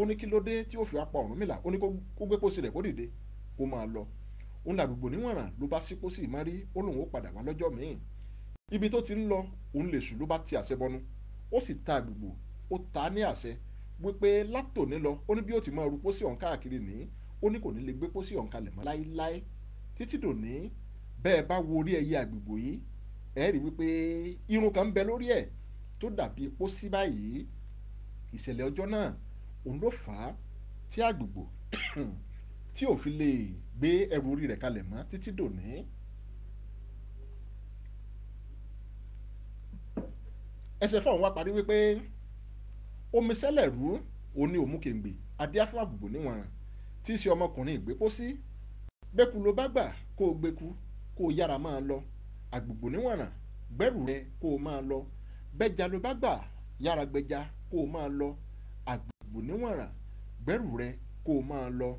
ó ní kí ló dé tí ó fi wá pa Ọ̀rúnmìlà ó ní kó gbé pósí rẹ̀ kó dìde kó máa lọ òun làgbègbè níwọ̀nràn ló bá sípò sí ìmọ̀rí ó lòun ó padà wá lọ́jọ́ míì ibi tó ti ń lọ òun lè sùn ló bá ti àṣẹ bọnu ó sì ta àgbègbè ó ta ní àṣẹ wípé látòní lọ ó ní bí ó ti máa ru pósí ọ̀hún káàkiri nìyí ó ní kò ní lè gbé pósí ọ̀hún kalẹ̀ mọ́ láéláé títí dòní bẹ́ẹ̀ bá wo orí ẹyẹ àgbègbè yìí ẹ rí wípé irun kan ń bẹ lórí ẹ̀ tó dàbí pósí báyìí ìṣẹ̀lẹ̀ ọjọ́ náà òun ló fà á tí àgbègbè tí ò fi lè gbé ẹrù orí rẹ̀ kalẹ̀ mọ́ títí dòní. ẹsẹ̀ fọ́ọ̀n wá parí wípé omi sẹ́lẹ̀ rú òní òmùkèǹgbè adíáfún àbùbò níwọ̀n tí í ṣe ọmọkùnrin ìgbépósí bẹ́kú ló bá gbà kó o gbẹ́kú kó o yára máa lọ àgbègbè níwọ̀nà gbẹ́rù rẹ kó o máa lọ bẹ́ja ló bá gbà yára gbẹ́ja kó o máa lọ àgbègbè níwọ̀nà gbẹ́rù rẹ kó o máa lọ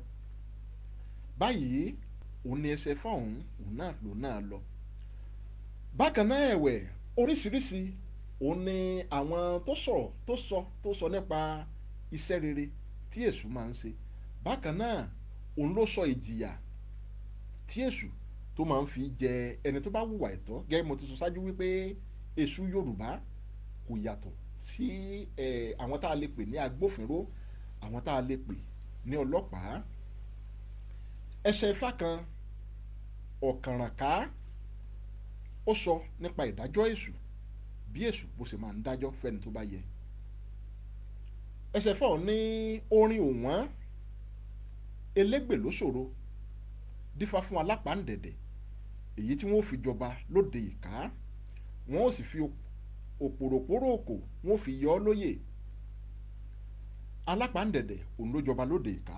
báyìí òun ni ẹsẹ̀ fọ́ọ̀hún òun náà ló náà lọ. bákan náà ẹ̀wẹ̀ oríṣiríṣi òun ni àwọn tó sọ̀rọ̀ tó sọ tó sọ nípa iṣẹ́ rere tí èṣù máa ń ṣe bákan náà òun ló sọ ìjìyà tí èṣù tó máa ń fi jẹ ẹni tó bá hùwà ẹ̀tọ́ gẹ́gẹ́ mo ti sọ ṣáájú wípé èṣù Yorùbá kò yàtọ̀ sí àwọn tá a lè pè ní agbófinró àwọn tá a lè pè ní ọlọ́pàá ẹsẹ̀ ifá kan ọ̀kànrànká ó sọ nípa ìdájọ́ èṣù bí èṣù bó ṣe máa ń dájọ́ fẹ́ni tó bá yẹ ẹsẹ̀ ifá ọ̀ ní orin òwọ́n elégbè ló ṣòro dífá fún alápàǹdẹ̀dẹ̀ èyí tí wọ́n fi jọba lóde ìka wọ́n ó sì fi òpòròpórò òkò wọ́n fi yọ ọ́ lóyè alápàǹdẹ̀dẹ̀ òun ló jọba lóde ìka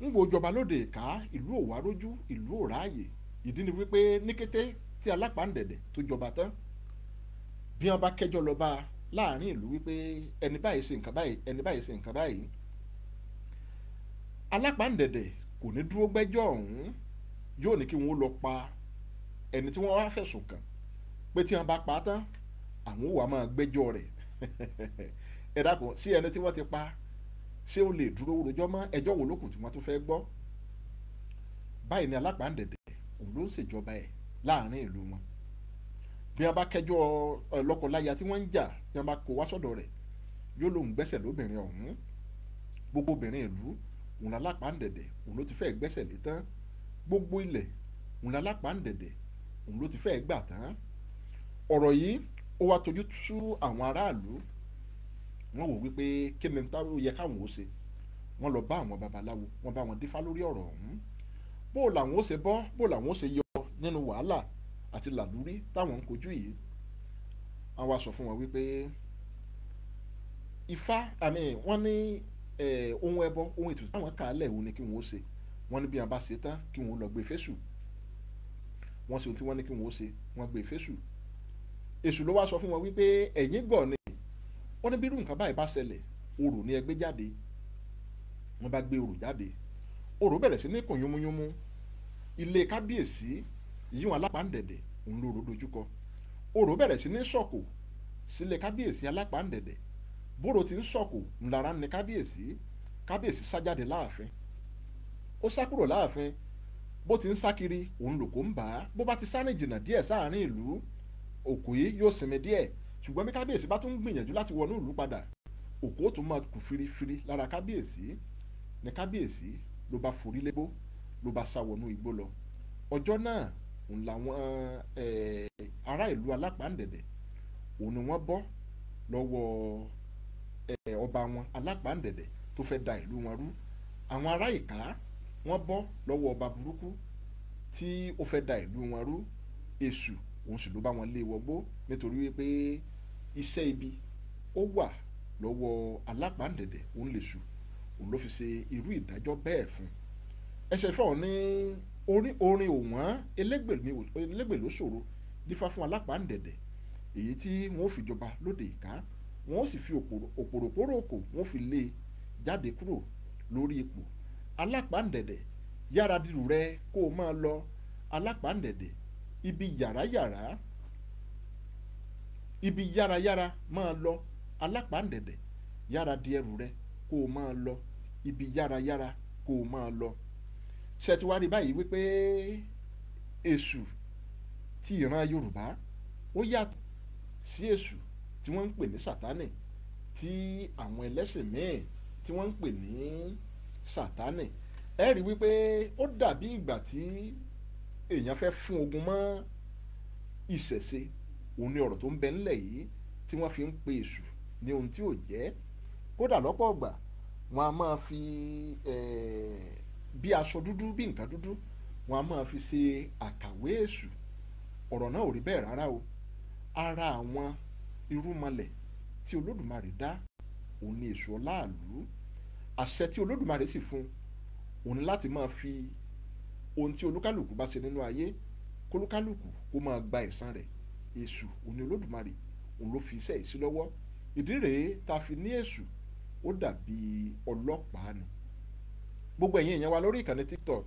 ń wo ìjọba lóde ìka ìlú òwárójú ìlú òráàyè ìdí ni wípé ní kété tí alápàǹdẹ̀dẹ̀ tó jọba tán bí wọn bá kẹjọ lọ bá láàrin ìlú wípé ẹni báyìí ṣe nǹkan báyìí ẹni báyìí ṣe nǹkan báyìí alápàǹdẹ̀dẹ̀ kò ní dúró gbẹ́jọ́ ọ̀hún yóò ní kí wọn ó lọ pa ẹni tí wọn wá fẹ̀sùn kàn pé tí wọn bá pa á tán àwọn ò wá máa gbẹ́jọ́ rẹ̀ ẹ dákun sí ẹni tí wọn ti pa ṣé o lè dúró rojọ́ mọ́ ẹjọ́ wo lókùn tí wọ́n tún fẹ́ gbọ́ báyìí ni alápàǹdẹ̀dẹ̀ òun ló ń ṣèjọba ẹ̀ láàrin ìlú wọn bí wọ́n bá kẹjọ́ lọ́kọláya tí wọ́n ń jà bí wọ́n bá kó wá sọ́dọ̀ rẹ̀ yóò lòun gbẹ́sẹ̀ lóbìnrin ọ̀hún gbogbo obìnrin ìlú òun alápàǹdẹ̀dẹ̀ òun ló ti fẹ́ gbẹ́sẹ̀ lé tán gbogbo ilẹ̀ òun alápàǹdẹ̀dẹ̀ òun ló ti fẹ́ gbà tán ọ̀rọ̀ yìí ó wá tojú sú àwọn aráàlú wọ́n wò wípé kí ni táwọn ó yẹ káwọn ó ṣe wọ́n lọ bá àwọn babaláwo wọ́n bá wọn dífá lórí ọ̀rọ̀ ọ̀hún bó làwọn ó ṣe bọ́ bó làwọn ó ṣe yọ nínú wàhálà àti làlúrí táwọn ń kojú yìí àwọn aṣọ fún wọn wípé ifá àmì wọ́n ní ohun ẹbọ ohun ètùtù táwọn kàálẹ̀ òun ni kí wọ́n ó ṣe wọ́n ní bí wọ́n bá ṣe tán kí wọ́n lọ gbé fésù wọ́n ṣe ohun tí wọ́n ní kí wọ́n ó ṣe wọ́n gbé fésù èṣù ló wá sọ fún wọn wípé ẹ̀yin gọ̀ ni wọ́n ní bí irú nǹkan báyìí bá ṣẹlẹ̀ orò ni ẹgbẹ́ jáde wọ́n bá gbé orò jáde orò bẹ̀rẹ̀ sí ní kùn yúnmúyúnmú ilé kábíyèsí yíwọn alápàǹdẹ̀dẹ̀ òun lóró dojúkọ orò bẹ̀rẹ̀ sí ní sọ̀kò sílé kábíyèsí alápàǹdẹ̀dẹ̀ bóró ti ń sọ̀kò ńlára ní kábíyèsí kábíyèsí sájáde láàfin ó sá kúrò láàfin bó ti ń sá kiri òun lòkó ń bà á bó bá ti sá ní jìnnà díẹ̀ sáàrin ìlú òkú yìí yóò sinmi díẹ̀ ṣùgbọ́n bí kábíyèsí bá tún gbìyànjú láti wọnú ìlú padà òkú ó tún máa kù firifiri lára kábíyèsí ní kábíyèsí ló bá forí légbó ló bá sá wọnú igbó lọ ọjọ́ náà ń làwọn ará ìlú alápàǹdẹ̀dẹ̀ òun ni wọ́n bọ́ lọ́wọ́ ọba wọn alápàǹdẹ̀dẹ̀ tó fẹ́ da ìlú wọn rú àwọn ará ìka wọ́n bọ́ lọ́wọ́ ọba burúkú tí ó fẹ́ da ìlú wọn rú èṣù òun sì ló bá wọn lé wọgbó nítorí wípé iṣẹ́ ibi ó wà lọ́wọ́ alápàǹdẹ̀dẹ̀ òun lè sùn òun ló fi ṣe irú ìdájọ́ bẹ́ẹ̀ fún ẹsẹ̀ fún ọ ní orin orin òwọ́n elégbèlú ṣòro dífá fún alápàǹdẹ̀dẹ̀ èyí tí wọn ò fìjọba lóde ìka wọn ò sì fi òpòròpórò kò wọn ò fi lé e jáde kúrò lórí ipò alápàǹdẹ̀dẹ̀ yára dirù rẹ kó o máa lọ alápàǹdẹ̀dẹ̀ ibi yàrá-yàrá ibi yára-yára máa lọ alápàǹdẹ̀dẹ̀ yára di ẹrù rẹ kó o máa lọ ibi yára-yára kó o máa lọ ṣètìwárí báyìí wípé èṣù ti ìran Yorùbá ó yàtọ̀ sí èṣù tí wọ́n ń pè ní sátánì tí àwọn ẹlẹ́sìn míì tí wọ́n ń pè ní sátánì ẹ wípé ó dàbí ìgbà tí èèyàn fẹ́ fún ogun mọ́ ìṣẹ̀ṣe òun ni ọ̀rọ̀ tó ń bẹ ńlẹ̀ yìí tí wọ́n fi ń pe èṣù ní ohun tí ò jẹ́ kódà lọ́pọ̀ ọ̀gbà wọn a máa fi eh, bí aṣọ dúdú bí nǹkan dúdú wọn a máa fi ṣe àkàwé èṣù ọ̀rọ̀ náà ò rí bẹ́ẹ̀ rárá o ara àwọn irúmọlẹ̀ tí olódùmarè dá òun ni èṣù ọláàlú àṣẹ tí olódùmarè sì fún òun láti máa fi ohun tí olúkálùkù bá ṣe nínú ayé kólúkálùkù kó máa gba ẹ̀san rẹ̀ èṣù òní olódùmarè òun ló fi iṣẹ́ yìí sí lọ́wọ́ ìdí rèé tá fi ní èṣù ó dàbí ọlọ́pàá ni gbogbo ẹ̀yin èèyàn wa lórí ìkànnì tiktok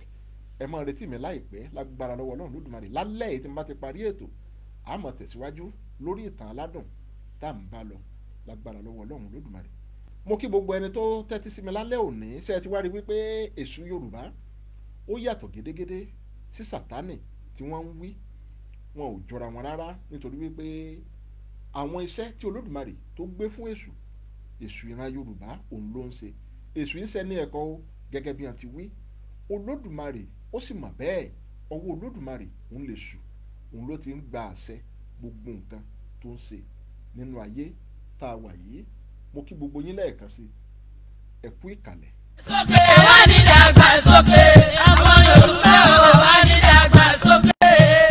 ẹ máa retí mi láìpẹ́ lágbára lọ́wọ́ ọlọ́run lódùmarè lálẹ́ yìí tí mo bá ti parí ètò a máa tẹ̀síwájú lórí ìtàn aládùn tá à ń bá lọ lágbára lọ́wọ́ ọlọ́run lódùmarè mo kí gbogbo ẹni tó tẹ́tí sí mi lálẹ́ òní ṣé ẹ ti wá rí wípé èṣù yorùbá ó yàtọ̀ gédégédé sí Sátánì tí wọ́n ń wí wọn ò jọra wọn rárá nítorí wípé àwọn iṣẹ́ tí Olódùmarè tó gbé fún Èṣù Èṣù ìran Yorùbá òun ló ń ṣe Èṣù yìí sẹ́ni ẹ̀kọ́ o gẹ́gẹ́ bí wọ́n ti wí Olódùmarè ó sì mọ̀ bẹ́ẹ̀ ọwọ́ Olódùmarè òun lè ṣù òun ló ti ń gba àṣẹ gbogbo nǹkan tó ń ṣe nínú ayé tá a wà yìí mo kí gbogbo yín lẹ́ẹ̀kan sí ẹ ìkàlẹ̀ sókè wá ní ìdàgbàsókè ọmọ Yorùbá ò wá ní ìdàgbàsókè.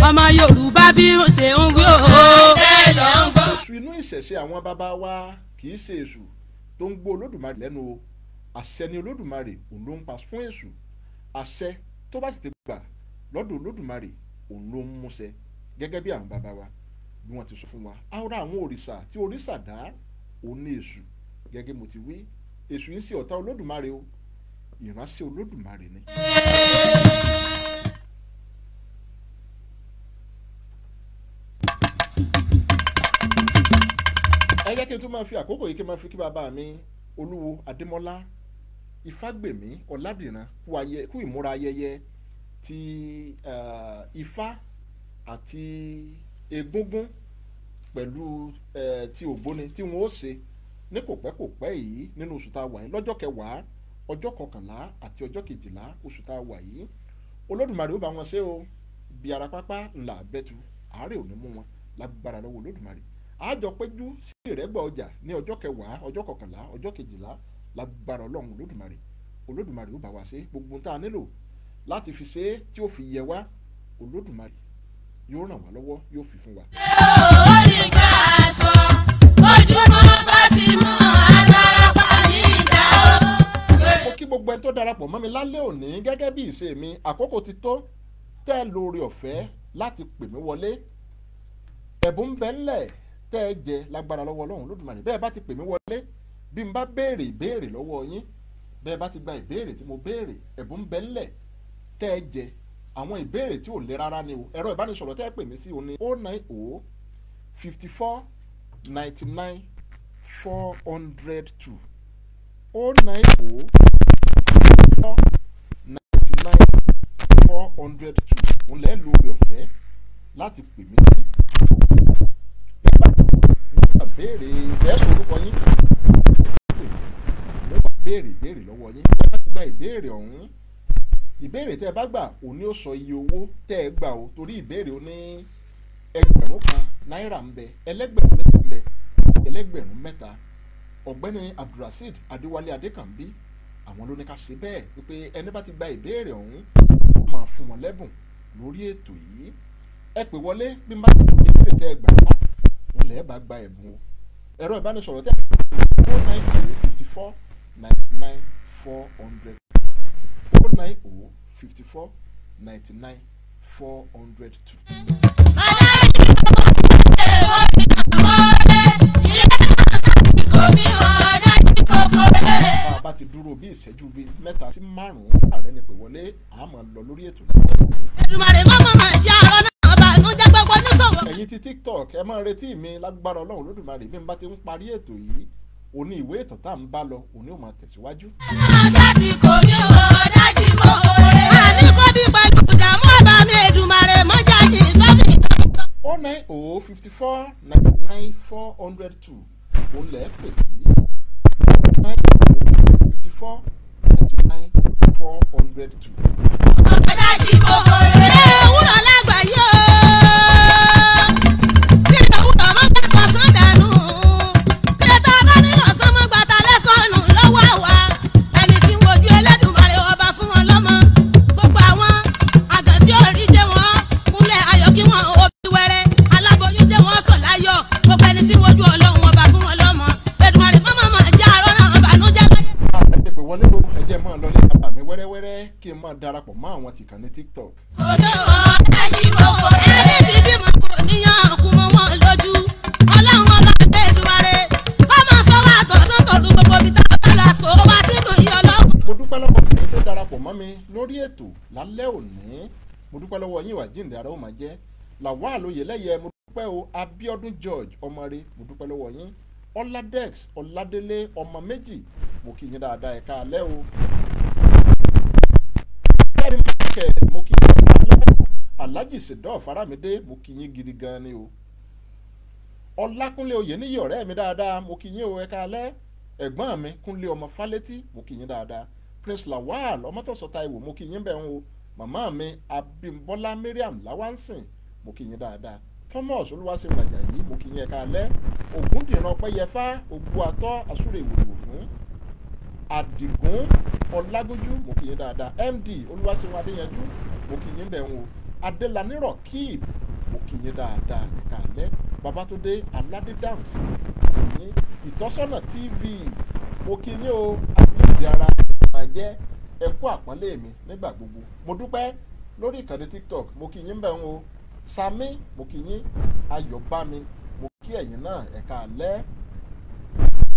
ọmọ Yorùbá bí ó ṣe ń wí o. bẹ́ẹ̀ lọ ń gbọ́. èṣù inú ìṣẹ̀ṣe àwọn bàbá wa kì í ṣe èṣù tó ń gbó olódùmarè lẹ́nu o àṣẹ ni olódùmarè òun ló ń pa fún èṣù àṣẹ tó bá sì ti gbà lọ́dọ̀ olódùmarè òun ló ń múṣẹ gẹ́gẹ́ bí àwọn bàbá wa bí wọ́n ti sọ fún wa ara àwọn òrìṣà tí òrìṣà dá òun ní èṣù gẹ́gẹ́ mo ti wí èṣù yìí sí ọ̀tá olódùmarè o ìránṣẹ́ olódùmarè ni. ẹ jẹ́ kí n tún máa fi àkókò yìí kí n máa fi kí bàbá mi olúwo adémọ́lá ifágbèmí ọ̀làdìran kú ìmúra ayẹyẹ ti ifá àti egúngún pẹ̀lú ti ògbóni tí wọ́n ó ṣe ní kò pẹ́ kò pẹ́ yìí nínú oṣù tá a wà yìí lọ́jọ́ kẹwàá ọjọ́ kọkànlá àti ọjọ́ kejìlá oṣù tá a wà yìí olódùmarè ó bá wọn ṣe o bí ara pápá ńlá bẹ́tu àárẹ̀ ò ní mú wọn lágbára lọ́wọ́ olódùmarè àjọ péjú sí ìrẹ́gbẹ́ ọjà ní ọjọ́ kẹwàá ọjọ́ kọkànlá ọjọ́ kejìlá lágbára ọlọ́run olódùmarè olódùmarè ó bá wa ṣe gbogbo tá a nílò láti fi ṣe é tí ó fi yẹ wá olódùmarè yóò ràn wá lọ́wọ́ yóò fi fún wa. ó ní ká sọ ojúmọ́ bá ti mọ́. gbogbo ẹni tó darapọ̀ mọ́ mi lálẹ́ òní gẹ́gẹ́ bí ìṣe mi àkókò ti tó tẹ́ lórí ọ̀fẹ́ láti pè mí wọlé ẹ̀bùn ń bẹ ńlẹ̀ tẹ́ ẹ jẹ lágbára lọ́wọ́ ọlọ́run lódùmarè bẹ́ẹ̀ bá ti pè mí wọlé bí n bá béèrè ìbéèrè lọ́wọ́ yín bẹ́ẹ̀ bá ti gba ìbéèrè tí mo béèrè ẹ̀bùn ń bẹ ńlẹ̀ tẹ́ ẹ jẹ àwọn ìbéèrè tí ò le rárá ni o ẹ̀rọ ìbánisọ̀rọ̀ tẹ́ ẹ pè mí sí o o oh nine o oh fifty four ninety nine oh four hundred two o nine o. four ninety nine four ọ̀fẹ́ láti nígbà lọ́wọ́ ọ̀hún ìbéèrè tẹ́ ẹ bá gbà ò ní ó iye owó tẹ́ ẹ gbà o torí ìbéèrè ó ní ẹgbẹ̀rún kan náírà ń ẹlẹ́gbẹ̀rún ẹlẹ́gbẹ̀rún mẹ́ta àwọn ló ní ká ṣe bẹ́ẹ̀ wípé ẹni bá ti gba ìbéèrè ọ̀hún a máa fún wọn lẹ́bùn lórí ètò yìí ẹ pè wọlé bí má ti tún ìbéèrè tẹ́ gbà á wọn lẹ́ẹ̀ bá gba ẹ̀bùn o ẹ̀rọ ìbánisọ̀rọ̀ tẹ́ ẹ ní nine fifty four ninety nine four hundred oh nine oh fifty four ninety nine four hundred two. ti dúró bí ìṣẹ́jú bíi mẹ́ta sí márùn-ún ààrẹ ni pè wọlé àmọ́ lọ lórí ètò yìí. Èdùmàrè mọ́mọ́ máa jẹ́ àárọ̀ náà bá fún jágbọ́gbọ́ ní sọ̀rọ̀. ẹ̀yin ti TikTok ẹ máa retí mi lágbára ọlọ́run lódùmarè bí n bá ti ń parí ètò yìí òní ìwé ìtàn tá à ń bá lọ òní ò máa tẹ̀síwájú. ọ̀sá ti o fifty four ninety nine four hundred two òun lẹ́ẹ̀ nine fifty four ninety nine four hundred two. ọ̀dà tí mo kọ̀ rèé wúrọ̀ lágbàáyé o. mọ́ àwọn tìkan ní tiktok. ọ̀dọ́ ọ̀rẹ́ yìí mo kò ẹni tí bí mo kò níyàn ọ̀kùn wọn lójú ọlọ́run ọba ẹgbẹ́ ìdúmọ̀rẹ́ bọ́mọ sọ́wọ́ àtọ̀dún tọ̀dún gbogbo mi tá a bá lásìkò ó wá sí ìmọ̀ yìí ọlọ́run. mo dúpẹ́ lọ́wọ́ ọ̀rẹ́ tó darapọ̀ mọ́ mi lórí ètò lálẹ́ òní mo dúpẹ́ lọ́wọ́ yín ìwà jíǹde ara ó máa jẹ́ làwọn àlòyè lẹ́yẹ mo dúpẹ́ o Abíọ́dún George ọmọre mo dúpẹ́ lọ́wọ́ yín ọládẹ́x ọládélé ọmọ méjì mo kí yín dáadáa ẹ̀ka alẹ́ o kẹrin kẹ mo kí yín alhaji sidor faramide mo kí yín gidi gan ni o ọlákúnlé oyèníyí ọ̀rẹ́ mi dáadáa mo kí yín o ẹ̀ka alẹ́ ẹ̀gbọ́n mi kúnlé ọmọ fálétí mo kí yín dáadáa prince lawal ìwò mo mi mariam lawansin mo kí thomas mo kí yín ẹ̀ka alẹ́ fún àdìgún ọlágójú mo kì í dáadáa md olúwaṣẹ́wọ̀n adéyanjú mo kì í bẹ̀ ń o adélanírọ̀ kíìb mo kì í dáadáa ẹ̀ka alẹ́ babatunde aládédàmsì mo kì í ìtọ́sọ́nà tv mo kì í o àjẹjẹ ara máa jẹ́ ẹ̀kú àpọ́nlé mi nígbà gbogbo mo dúpẹ́ lórí ìkànnì tiktok mo kì í bẹ̀ ń o sami mo kì í ayọ̀bámi mo kí ẹ̀yin náà ẹ̀ka alẹ́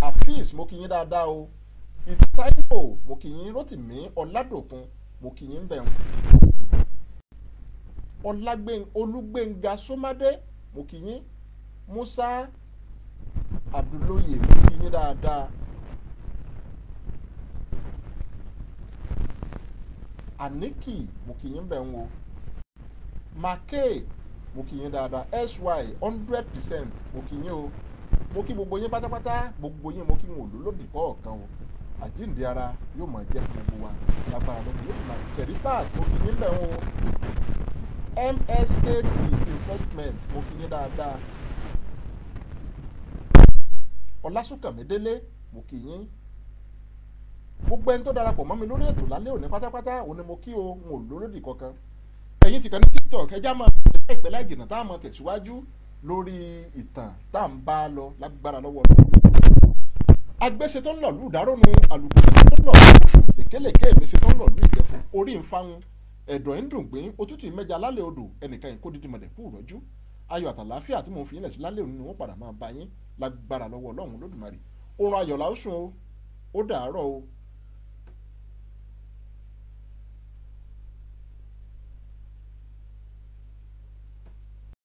afis mo kì í dáadáa o ìtì táìpò mo kì í rotimi ọ̀làdòkun mo kì í bẹ̀ ń. olúgbénga sọmadé mo kì í musa abdulóye mo kì í dáadáa. aniki mo kì í bẹ̀ ń wo make mo kì í dáadáa sy hundred percent mo kì í o mo kí gbogbo yín pátápátá gbogbo yín mo kí wọn ò lólóbì kọ́ ọ̀kan o àjíǹde ara yóò máa jẹ́ fún gbogbo wa ní agbára lọ́dún yóò máa ṣẹ̀rí fáàd mo kì í o mskt investment mo kì í ní dáadáa ọlásùnkànmí délé mo kì í yín gbogbo ẹni tó darapọ̀ mọ́ mi lórí ètò lálẹ́ òní pátápátá òní mo kí o n ò lórí kankan ẹ̀yin ti kàn ní tiktok ẹja máa ìpínlẹ̀ ìjìnà tá a máa tẹ̀síwájú lórí ìtàn tá à ń bá lọ lágbára lọ́wọ́ lọ́wọ́ agbéṣe tó ń lọ lù dárónú àlùkò tó ń lọ lù lékelèké ìmísí tó ń lọ lù ìjẹ̀fun orí ń fáwọn ẹ̀dọ̀ ń dùn gbìn òtútù ìmẹ́ja lálẹ́ odò ẹnìkan yìí kó dídí mọ̀dẹ̀ kú rọ́jú ayọ̀ àtàláfíà tí mò ń fi yín lẹ̀ sí lálẹ́ òní ni wọ́n padà máa bá yín lágbára lọ́wọ́ ọlọ́run lódùmarè oorun ayọ̀ la ó sùn o ó dàárọ̀ o